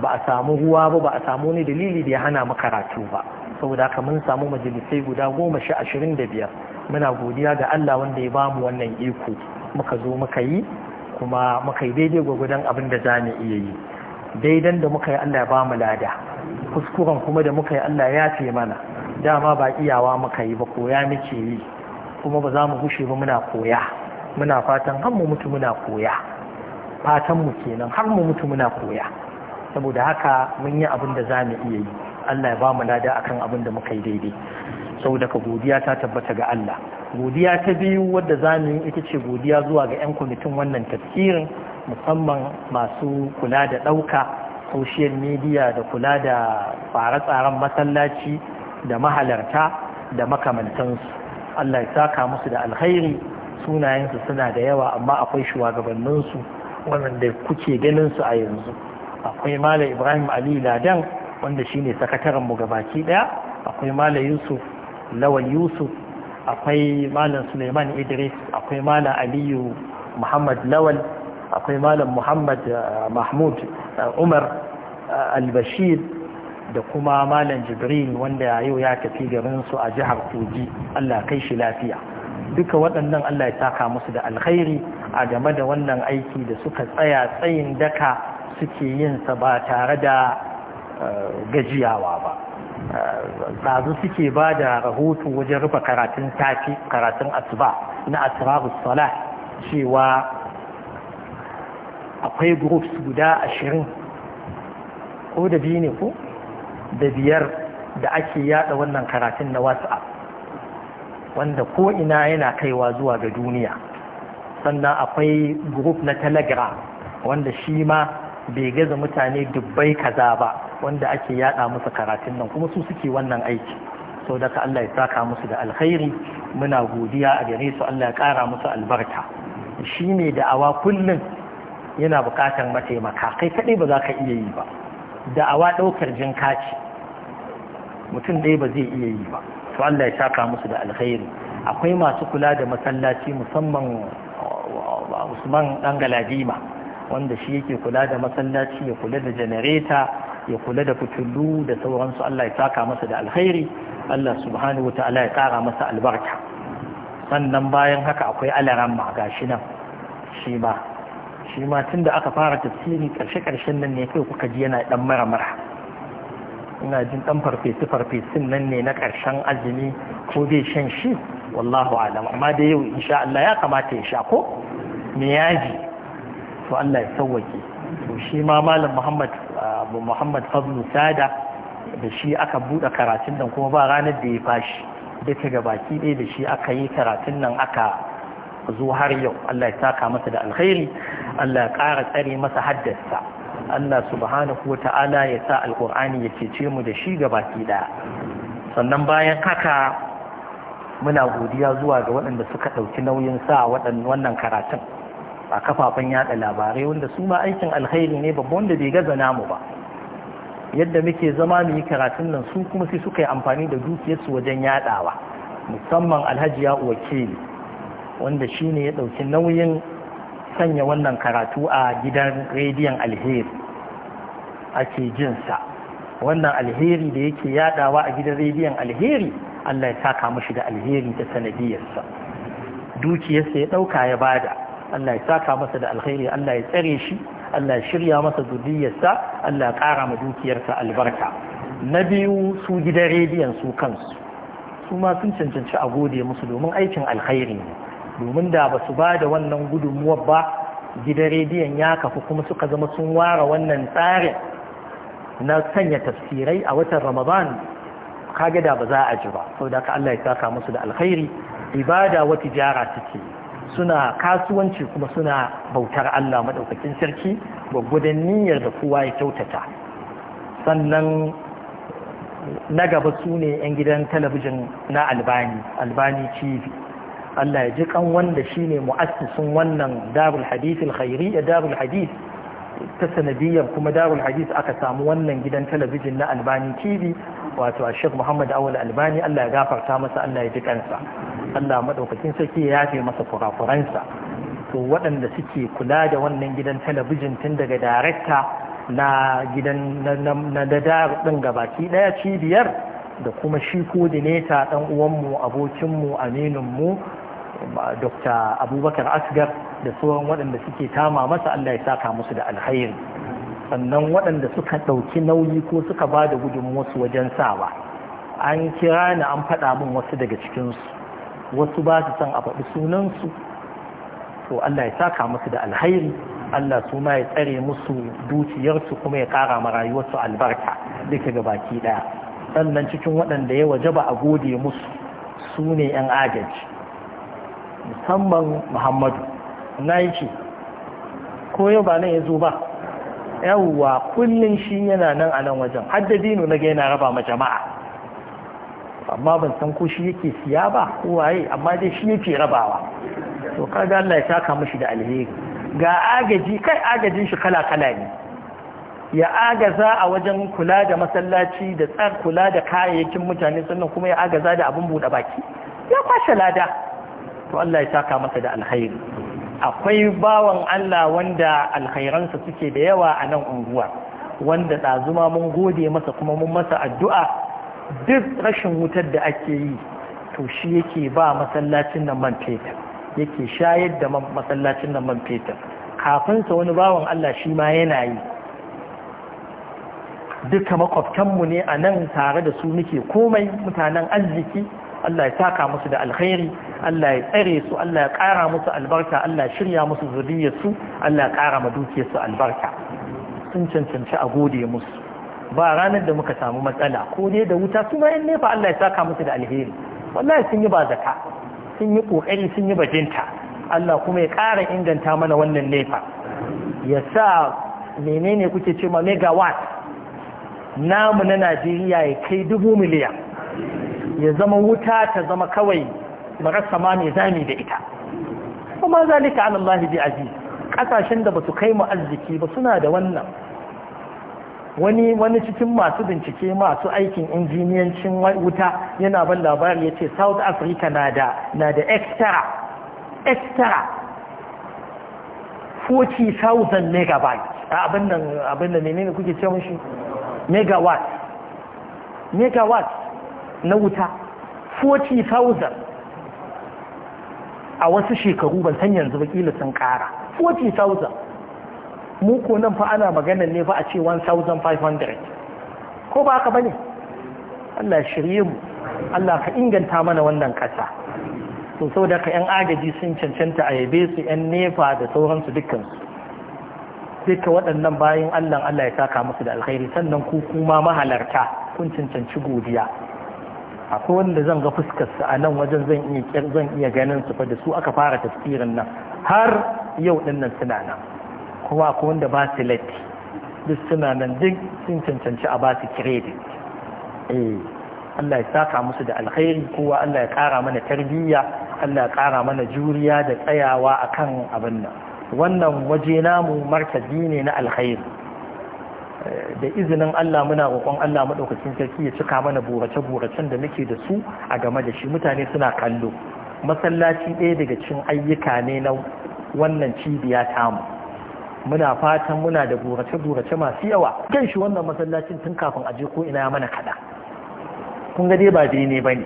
ba a samu ruwa ba ba a samu wani dalili da ya hana mu karatu ba saboda haka mun samu majalisai guda goma sha ashirin da biyar muna godiya ga Allah wanda ya bamu wannan iko muka zo muka yi kuma muka yi daidai gwagwadon abin da za mu iya yi daidan da muka yi Allah ya bamu lada kuskuren kuma da muka yi Allah ya ce mana dama ba iyawa muka yi ba koya muke yi kuma ba za mu gushe ba muna koya muna fatan har mu mutu muna koya fatan mu kenan har mu mutu muna koya saboda haka mun yi abin da za mu iya yi Allah ya ba mu lada akan abin da muka yi daidai saboda ka godiya ta tabbata ga Allah godiya ta biyu wadda za mu yi ita ce godiya zuwa ga 'yan kwamitin wannan tafsirin musamman masu kula da ɗauka social media da kula da tsare-tsaren masallaci da mahalarta da makamantansu Allah ya saka musu da alkhairi sunayensu suna da yawa amma akwai shugabanninsu waɗanda kuke ganin su a yanzu akwai mala ibrahim ali ladan wanda shine sakataren mu gabaki daya akwai mala yusuf lawal yusuf akwai malam suleiman idris akwai malam aliyu muhammad lawal akwai malam muhammad eh, mahmud eh, umar eh, albashir da kuma malam jibril wanda yau ya tafi garin su a jihar kogi allah kai shi lafiya duka waɗannan allah ya taka musu da alkhairi a game da wannan aiki da suka tsaya tsayin daka suke yin sa ba tare da gajiyawa ba ɗazu suke ba da rahoto wajen rufe karatun tafi karatun asuba na asirarus salah cewa akwai groups guda ashirin ko da biyu ne ko da biyar da ake yada wannan karatun na whatsapp wanda ko ina yana kaiwa zuwa ga duniya sannan akwai group na telegram wanda shi ma bai gaza mutane dubbai kaza ba wanda ake yada musu karatun nan kuma su suke wannan aiki so daga Allah ya saka musu da alkhairi muna godiya a gare su Allah ya kara musu albarka shi ne da awa kullum yana buƙatar mataimaka kai kaɗai ba za ka iya yi ba da'awa ɗaukar jin kaci mutum ɗaya ba zai iya yi ba to Allah ya saka musu da alkhairi akwai masu kula da masallaci musamman Usman dan Galadima wanda shi yake kula da masallaci ya kula da janareta ya kula da fitulu da sauransu Allah ya saka masa da alkhairi Allah subhanahu wa ya kara masa albarka sannan bayan haka akwai alaramma gashi nan shi ba shi ma tun da aka fara tafsiri ƙarshe-ƙarshen nan ne kai kuka ji yana ɗan mara-mara ina jin ɗan farfesu-farfesun nan ne na ƙarshen azumi ko bai shan shi wallahu alam amma da yau insha Allah ya kamata ya sha ko me yaji to Allah ya sauwake to shi ma malam Muhammad Abu Muhammad Fadlu Sada da shi aka buɗe karatun nan kuma ba ranar da ya fashi da gabaki ɗaya da shi aka yi karatun nan aka zo har yau Allah ya saka masa da alkhairi Allah ya ƙara tsare masa haddasa Allah subhanahu wata'ala ya sa alkur'ani ya cece mu da shi gabaki ɗaya sannan bayan haka muna godiya zuwa ga waɗanda suka ɗauki nauyin sa wannan karatun a kafafen yada labarai wanda su ma aikin alkhairi ne babban da bai gaza namu ba yadda muke zama mu yi karatun nan su kuma sai suka yi amfani da dukiyarsu wajen yadawa musamman alhaji ya wakili wanda shi ne ya ɗauki nauyin sanya wannan karatu a gidan rediyon alheri ake jinsa wannan alheri da yake yadawa a gidan rediyon alheri Allah ya saka mashi da alheri da sanadiyarsa dukiyarsa ya ɗauka ya bada Allah ya saka masa da alheri Allah ya tsare shi Allah ya shirya masa zuriyarsa Allah ya ƙara ma dukiyarsa albarka na biyu su gidan rediyon su kansu su ma sun cancanci a gode musu domin aikin alheri. ne domin da ba su ba da wannan gudunmuwar ba gidan rediyon ya kafa kuma suka zama sun ware wannan tsarin na sanya tafsirai a watan ramadan kaga da ba za a ji ba da ka Allah ya saka musu da alkhairi ibada wa tijara suke suna kasuwanci kuma suna bautar Allah madaukakin sarki gwaggwadon niyyar da kowa ya kyautata sannan na gaba su ne 'yan gidan talabijin na albani albani tv Allah ya ji kan wanda shi ne mu'assisin wannan darul hadith al-khairi darul hadith ta sanadiyar kuma darul hadith aka samu wannan gidan talabijin na Albani TV wato a Sheikh Muhammad Awal Albani Allah ya gafarta masa Allah ya ji kansa Allah madaukakin sarki ya yafe masa kurakuransa to waɗanda suke kula da wannan gidan talabijin tun daga darekta na gidan na dadar ɗin gabaki ɗaya cibiyar da kuma shi kodineta dan uwanmu abokinmu aminin mu. Dokta Abubakar Asgar da sauran waɗanda suke tama masa Allah ya saka musu da alhairi sannan waɗanda suka ɗauki nauyi ko suka ba da gudun wasu wajen sawa an kira ni an faɗa min wasu daga cikinsu wasu ba su san a faɗi sunansu to Allah ya saka musu da alhairi Allah su ma ya tsare musu dukiyarsu kuma ya ƙara ma rayuwarsu albarka duka ga baki ɗaya sannan cikin waɗanda ya wajaba a gode musu su ne 'yan agaji musamman muhammadu na yi ce ko yau ba nan ya zo ba yawwa kullum shi yana nan a nan wajen haddadi nuna ga yana raba ma jama'a amma ban san ko shi yake siya ba ko waye amma dai shi yake rabawa to kaga Allah ya saka mishi da alheri ga agaji kai agajin shi kala kala ne ya agaza a wajen kula da masallaci da tsar kula da kayayyakin mutane sannan kuma ya agaza da abin bude baki ya kwashe lada to Allah ya saka masa da alkhairi akwai bawan Allah wanda alkhairansa suke da yawa a nan unguwa wanda ɗazuma mun gode masa kuma mun masa addu'a duk rashin wutar da ake yi to shi yake ba masallacin nan man fetur yake shayar da masallacin nan man fetur kafinsa wani bawan Allah shi ma yana yi duka makwabtanmu ne a nan tare da su muke komai mutanen arziki Allah ya taka musu da alkhairi Allah ya tsare su Allah ya ƙara musu albarka Allah ya shirya musu zuriyarsu Allah ya ƙara ma dukiyarsu albarka sun cancanci a gode musu ba ranar da muka samu matsala ko ne da wuta su ma yan nefa Allah ya saka musu da alheri wallahi sun yi bazaka zaka sun yi kokari sun yi bajinta Allah kuma ya ƙara inganta mana wannan nefa ya sa menene kuke ce ma megawatt namu na Najeriya ya kai dubu miliyan ya zama wuta ta zama kawai marasa ma mai zami da ita kuma zalika an Allah bi aji kasashen da ba su kai mu arziki ba suna da wannan wani wani cikin masu bincike masu aikin injiniyancin wuta yana ban labari ya ce south africa na da na da extra extra 40,000 megabytes abin da menene kuke ce mashi megawatt megawatt na wuta 40,000 a wasu shekaru ban san yanzu kila sun kara 40,000 mu ko nan fa ana magana ne fa a ce 1,500 ko ba haka bane Allah shirye mu Allah ka inganta mana wannan kasa to sau da ka 'yan agaji sun cancanta a yabe su 'yan nefa da sauransu dukkansu duka waɗannan bayan Allah Allah ya saka musu da alkhairi sannan ku kuma mahalarta kun cancanci godiya akwai wanda zan ga fuskarsa a nan wajen zan iya zan iya ganin su da su aka fara tafsirin nan har yau din nan suna nan kuma akwai wanda ba su latti duk suna nan duk sun cancanci a ba su credit eh Allah ya saka musu da alkhairi kowa Allah ya kara mana tarbiyya Allah ya kara mana juriya da tsayawa akan abin nan wannan waje namu markazi ne na alkhairi da izinin Allah muna roƙon Allah maɗaukacin sarki ya cika mana burace-buracen da muke da su a game da shi mutane suna kallo masallaci ɗaya daga cikin ayyuka ne na wannan cibiya tamu muna fatan muna da burace-burace masu yawa kan shi wannan masallacin tun kafin aje ko ina ya mana kaɗa kun ga dai ba dai ne ba ne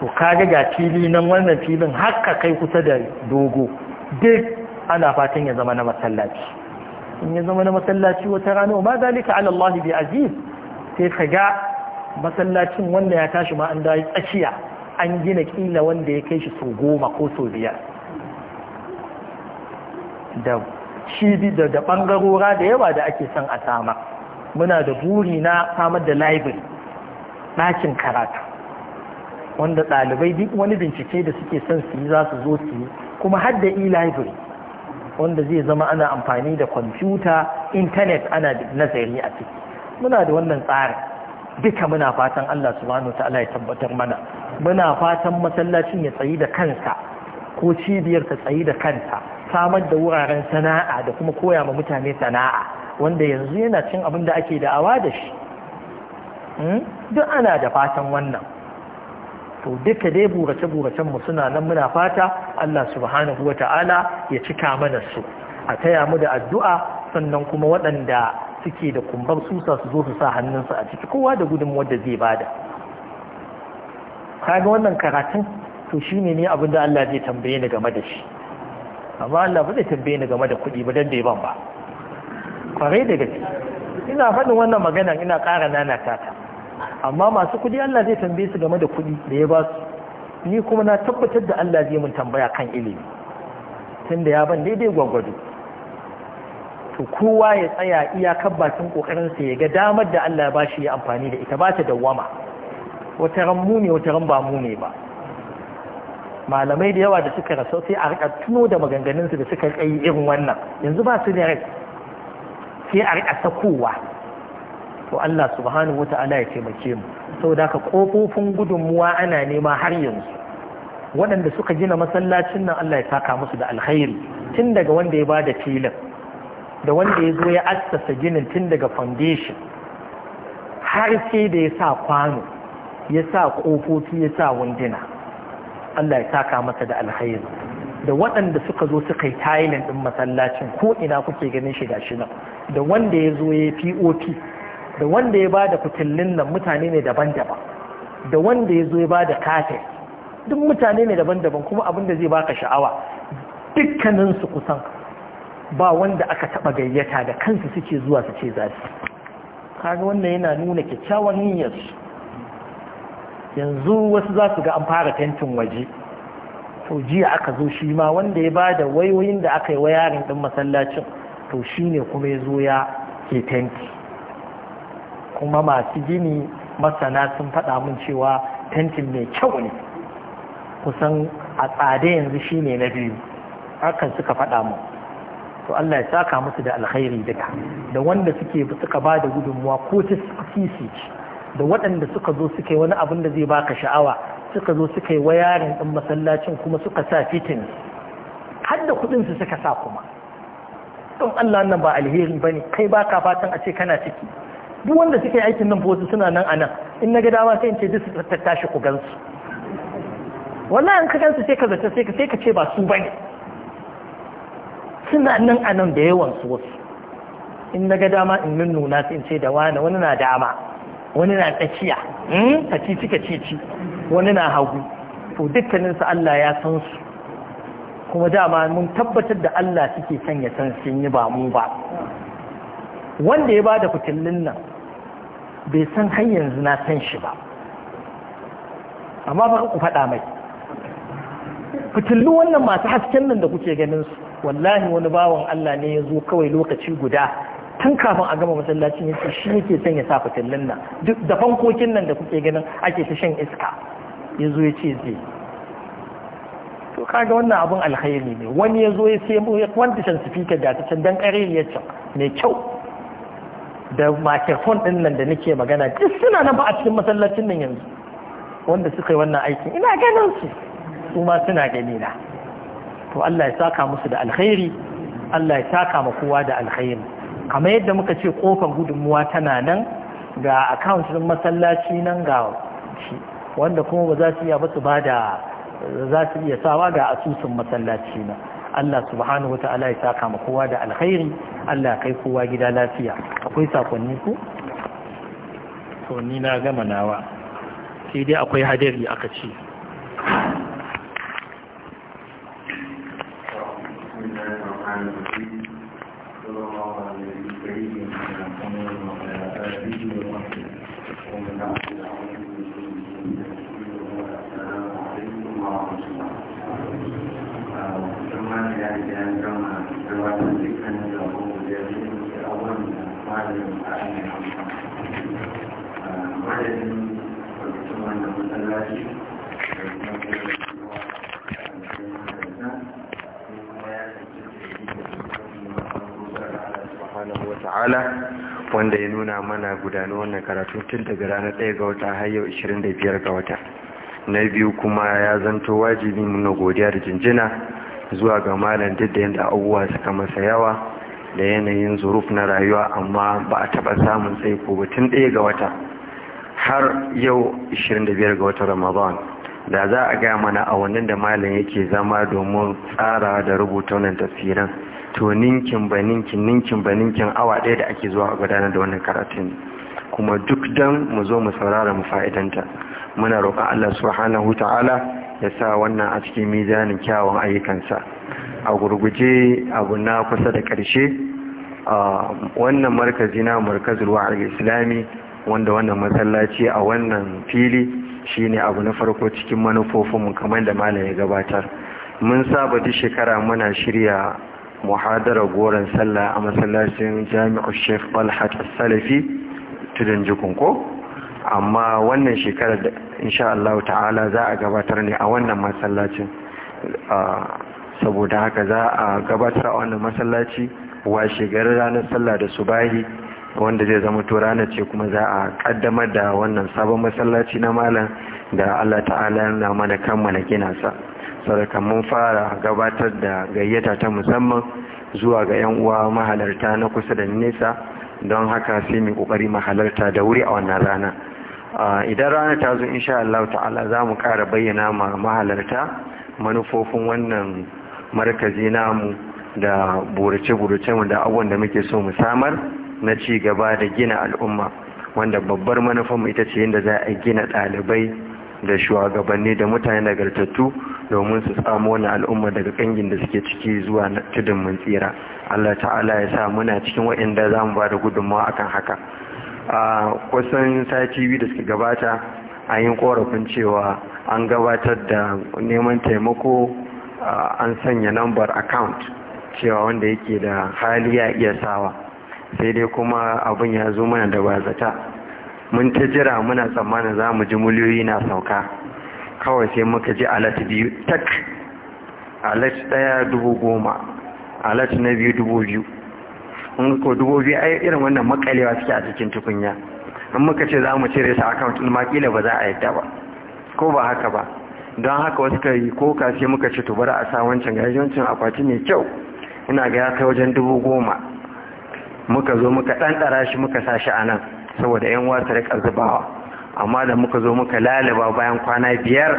to kaga ga fili nan wannan filin haka kai kusa da dogo duk ana fatan ya zama na masallaci in ya zama na masallaci wata rana ma zalika ala Allah bi aziz sai ka ga masallacin wanda ya tashi ma an dawo tsakiya an gina kila wanda ya kai shi sau goma ko sau biyar da shi da da bangarora da yawa da ake son a sama muna da buri na samar da library ɗakin karatu wanda ɗalibai duk wani bincike da suke son su yi za su zo su yi kuma har da e-library wanda zai zama ana amfani da kwamfuta intanet ana nazari a ciki muna da wannan tsarin duka muna fatan Allah subhanahu wa ta'ala ya tabbatar mana muna fatan masallacin ya tsayi da kansa ko cibiyar ta tsayi da kanta samar da wuraren sana'a da kuma koya ma mutane sana'a wanda yanzu yana cin abin da ake da'awa da shi hmm? duk ana da fatan wannan to duka dai burace-buracen mu suna nan muna fata Allah subhanahu wata'ala ya cika mana su a taya mu da addu'a sannan kuma waɗanda suke da kumbar susa su zo su sa hannunsu a ciki kowa da gudun da zai bada kaga wannan karatun to shi ne abin da Allah zai tambaye ni game da shi amma Allah ba zai tambaye ni game da kuɗi ba dan da ban ba kwarai da gaske ina faɗin wannan maganar ina ƙara nana ta amma masu kuɗi Allah zai tambaye su game da kuɗi da ya ba su ni kuma na tabbatar da Allah zai mun tambaya kan ilimi tunda ya ban daidai gwagwado to kowa ya tsaya iyakar bakin kokarin sa ya ga damar da Allah ba shi ya amfani da ita ba ta dawwama wata ran mu ne wata ran ba mu ne ba malamai da yawa da suka rasu sai a rika tuno da maganganun su da suka kai irin wannan yanzu ba su ne rai sai a rika sakowa to Allah subhanahu wa ta'ala ya taimake mu saboda ka kofofin gudunmuwa ana nema har yanzu waɗanda suka gina masallacin nan Allah ya saka musu da alkhairi tun daga wanda ya bada filin da wanda ya zo ya assasa ginin tun daga foundation har sai da ya sa kwano ya sa kofofi ya sa wunduna Allah ya saka masa da alkhairi da waɗanda suka zo suka yi tayin ɗin masallacin ko ina kuke ganin shi shi nan da wanda ya zo ya yi POP da wanda ya ba da fitillin nan mutane ne daban-daban da wanda ya zo ya ba da kafin duk mutane ne daban-daban kuma abin da zai baka sha'awa dukkanin su kusan ba wanda aka taba gayyata da kansu suke zuwa su ce za su kaga wannan yana nuna kyakkyawan niyyar yanzu wasu za su ga an fara tentin waje to jiya aka zo shi ma wanda ya ba da wayoyin da aka yi wa yarin din masallacin to shine kuma ya zo ya ke tenti kuma masu gini masana sun faɗa mun cewa tentin mai kyau ne kusan a tsade yanzu shi ne na biyu hakan suka faɗa mun to Allah ya saka musu da alkhairi duka da wanda suke suka ba da gudunmuwa ko ta sisi da waɗanda suka zo suka yi wani abin da zai baka sha'awa suka zo suka yi wayarin ɗin masallacin kuma suka sa fitin har da su suka sa kuma don Allah nan ba alheri bane kai baka fatan a ce kana ciki duk wanda suka yi aikin nan ba suna nan a nan in na ga dama sai in ce duk su tattashi ku gansu Wannan an ka gansu sai ka zata sai ka ce ba su bane suna nan a nan da yawan su wasu in na ga dama in min nuna sai in ce da wani wani na dama wani na tsakiya hmm? kacici kacici wani na hagu to dukkaninsu Allah ya san su kuma dama mun tabbatar da Allah suke son ya san sun yi ba mu ba wanda ya ba da fitillin nan bai san har yanzu na san shi ba amma ba ku faɗa mai fitillu wannan masu hasken nan da kuke ganin su wallahi wani bawan Allah ne ya zo kawai lokaci guda tun kafin a gama masallacin yake shi yake son ya sa fitillun nan duk da fankokin nan da kuke ganin ake ta shan iska ya zo ya ce zai to kaga wannan abun alkhairi ne wani ya zo ya sai mu ya kwanta shan sifika da ta can dan ya can mai kyau da makirfon ɗin nan da nake magana duk suna nan ba a cikin masallacin nan yanzu wanda suka yi wannan aikin ina ganin su su ma suna gani na to Allah ya saka musu da alkhairi Allah ya saka ma kowa da alkhairi kamar yadda muka ce kofar gudunmuwa tana nan ga account din masallaci nan ga shi wanda kuma ba za su iya ba da bada za su iya sawa ga asusun masallaci na Allah subhanahu wa ta'ala ya saka ma kowa da alkhairi Allah kai kowa gida lafiya akwai sakonni ku to ni na gama nawa sai dai akwai hadari aka ce nuna mana gudanu wannan karatu tun daga ranar 1 ga wata har yau 25 ga wata na biyu kuma ya zanto wajibi na godiya da jinjina zuwa ga malam duk da yadda abubuwa suka masa yawa da yanayin zuruf na rayuwa amma ba a taba samun tsaiko ba tun ɗaya ga wata har yau 25 ga wata ramadan da za a gaya mana a wannan da malam yake zama domin tsara da rubuta wannan tafsirin to ninkin ba ninkin ninkin ba ninkin awa ɗaya da ake zuwa a gudanar da wannan karatun kuma duk dan mu zo mu saurara mu fa'idanta muna roƙon Allah subhanahu ta'ala ya sa wannan a cikin mizanin kyawun ayyukansa a gurguje abu na kusa da ƙarshe wannan markazi na ruwa a islami wanda wannan masallaci a wannan fili shine abu na farko cikin manufofinmu kamar da malam ya gabatar mun saba duk shekara muna shirya muhadarar goron sallah a masallacin jami'ar sheikh balhat salafi tudun jikun ko amma wannan shekarar da insha ta'ala za a gabatar ne a wannan masallacin saboda haka za a gabatar a wannan masallaci washe garin ranar sallah da subahi wanda zai zama to ranar ce kuma za a kaddamar da wannan sabon masallaci na malam da Allah ta'ala ya na mana kammala gina sa sadaka mun fara gabatar da gayyata ta musamman zuwa ga 'yan uwa mahalarta na kusa da nesa don haka sai mai kokari mahalarta da wuri a wannan rana idan rana ta zo insha Allah ta'ala za mu kara bayyana ma mahalarta manufofin wannan markazi namu da burace-burace mu da abubuwan da muke so mu samar na ci gaba da gina al'umma wanda babbar manufarmu ita ce yadda za a gina ɗalibai da shugabanni da mutane nagartattu domin su samu wani al'umma daga kangin da suke ciki zuwa tudun mun tsira Allah ta'ala ya sa muna cikin waɗanda za mu ba da gudunmawa akan haka a kusan sati biyu da suka gabata an yi korafin cewa an gabatar da neman taimako an sanya number account cewa wanda yake da hali ya iya sawa sai dai kuma abin ya zo mana da bazata mun ta jira muna tsammanin za mu ji miliyoyi na sauka kawai sai muka ji alat biyu tak alat ɗaya dubu goma alat na biyu dubu biyu in ko dubu biyu ai irin wannan makalewa suke a cikin tukunya in muka ce za mu cire su account ɗin makila ba za a yadda ba ko ba haka ba don haka wasu ka yi ko ka sai muka ce to bari a sa wancan gajiyancin akwati mai kyau ina ga ya kai wajen dubu goma muka zo muka ɗanɗara shi muka sa shi a nan saboda yan wasa rika zubawa amma da muka zo muka lalaba bayan kwana biyar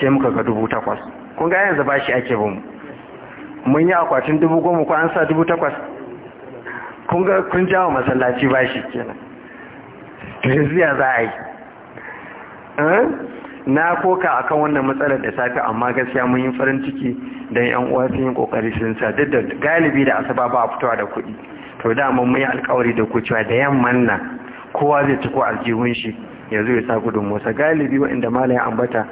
sai muka ga dubu takwas kun ga yanzu bashi ake bin mun yi akwatin dubu goma ko an sa dubu takwas kun ga kun wa masallaci bashi kenan to yanzu ya za a yi eh? na koka akan wannan matsalar da safe amma gaskiya mun yi farin ciki don yan uwa sun yi kokari sun sa duk da galibi da asaba ba a fitowa da kuɗi to da mun yi alkawari da kucewa da yamman nan kowa zai ci ko aljihun shi ya zo ya sa gudun musa galibi waɗanda malayan ambata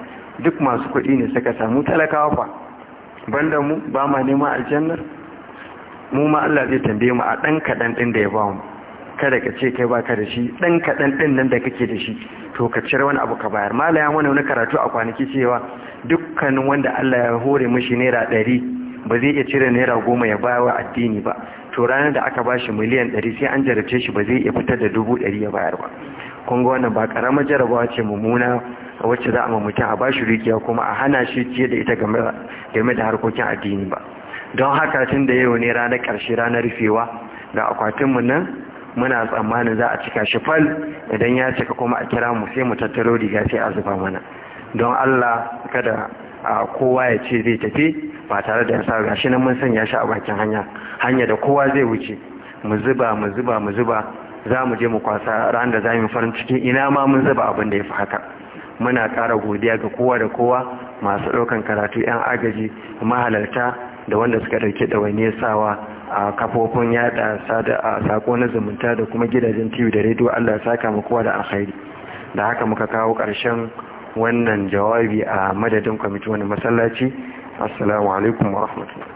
duk masu kuɗi ne suka samu talakawa fa banda mu ba ma neman aljannar mu ma Allah zai tambaye mu a ɗan kaɗan ɗin da ya ba mu kada ka ce kai baka da shi ɗan kaɗan ɗin nan da kake da shi to ka cire wani abu ka bayar malayan wani wani karatu a kwanaki cewa dukkanin wanda Allah ya hore mishi naira ɗari ba zai iya cire naira goma ya bayar wa addini ba to ranar da aka bashi miliyan ɗari sai an jarabce shi ba zai iya fitar da dubu ɗari ya bayar ba kun ga wannan ba karamar jarabawa ce mummuna wacce za a ma mutum a bashi rikiya kuma a hana shi ciye da ita game da harkokin addini ba don haka tun da yau ne ranar karshe ranar rufewa ga akwatinmu nan muna tsammanin za a cika shi fal idan ya cika kuma a kira mu sai mu tattaro riga sai a zuba mana don Allah kada A kowa ya ce zai tafi ba tare da yasa sa shi nan mun sanya shi a bakin hanya hanya da kowa zai wuce mu zuba mu zuba mu zuba za mu je mu kwasa ran da za mu farin ciki ina ma mun zuba abin da ya fi haka muna ƙara godiya ga kowa da kowa masu ɗaukan karatu 'yan agaji mahalarta da wanda suka ɗauki ɗawainiyar sawa a kafofin yada sada a sako na zumunta da kuma gidajen tv da rediyo allah ya saka mu kowa da alkhairi da haka muka kawo ƙarshen wannan jawabi a madadin kwamitin wani masallaci assalamu alaikum wa rahmatullahi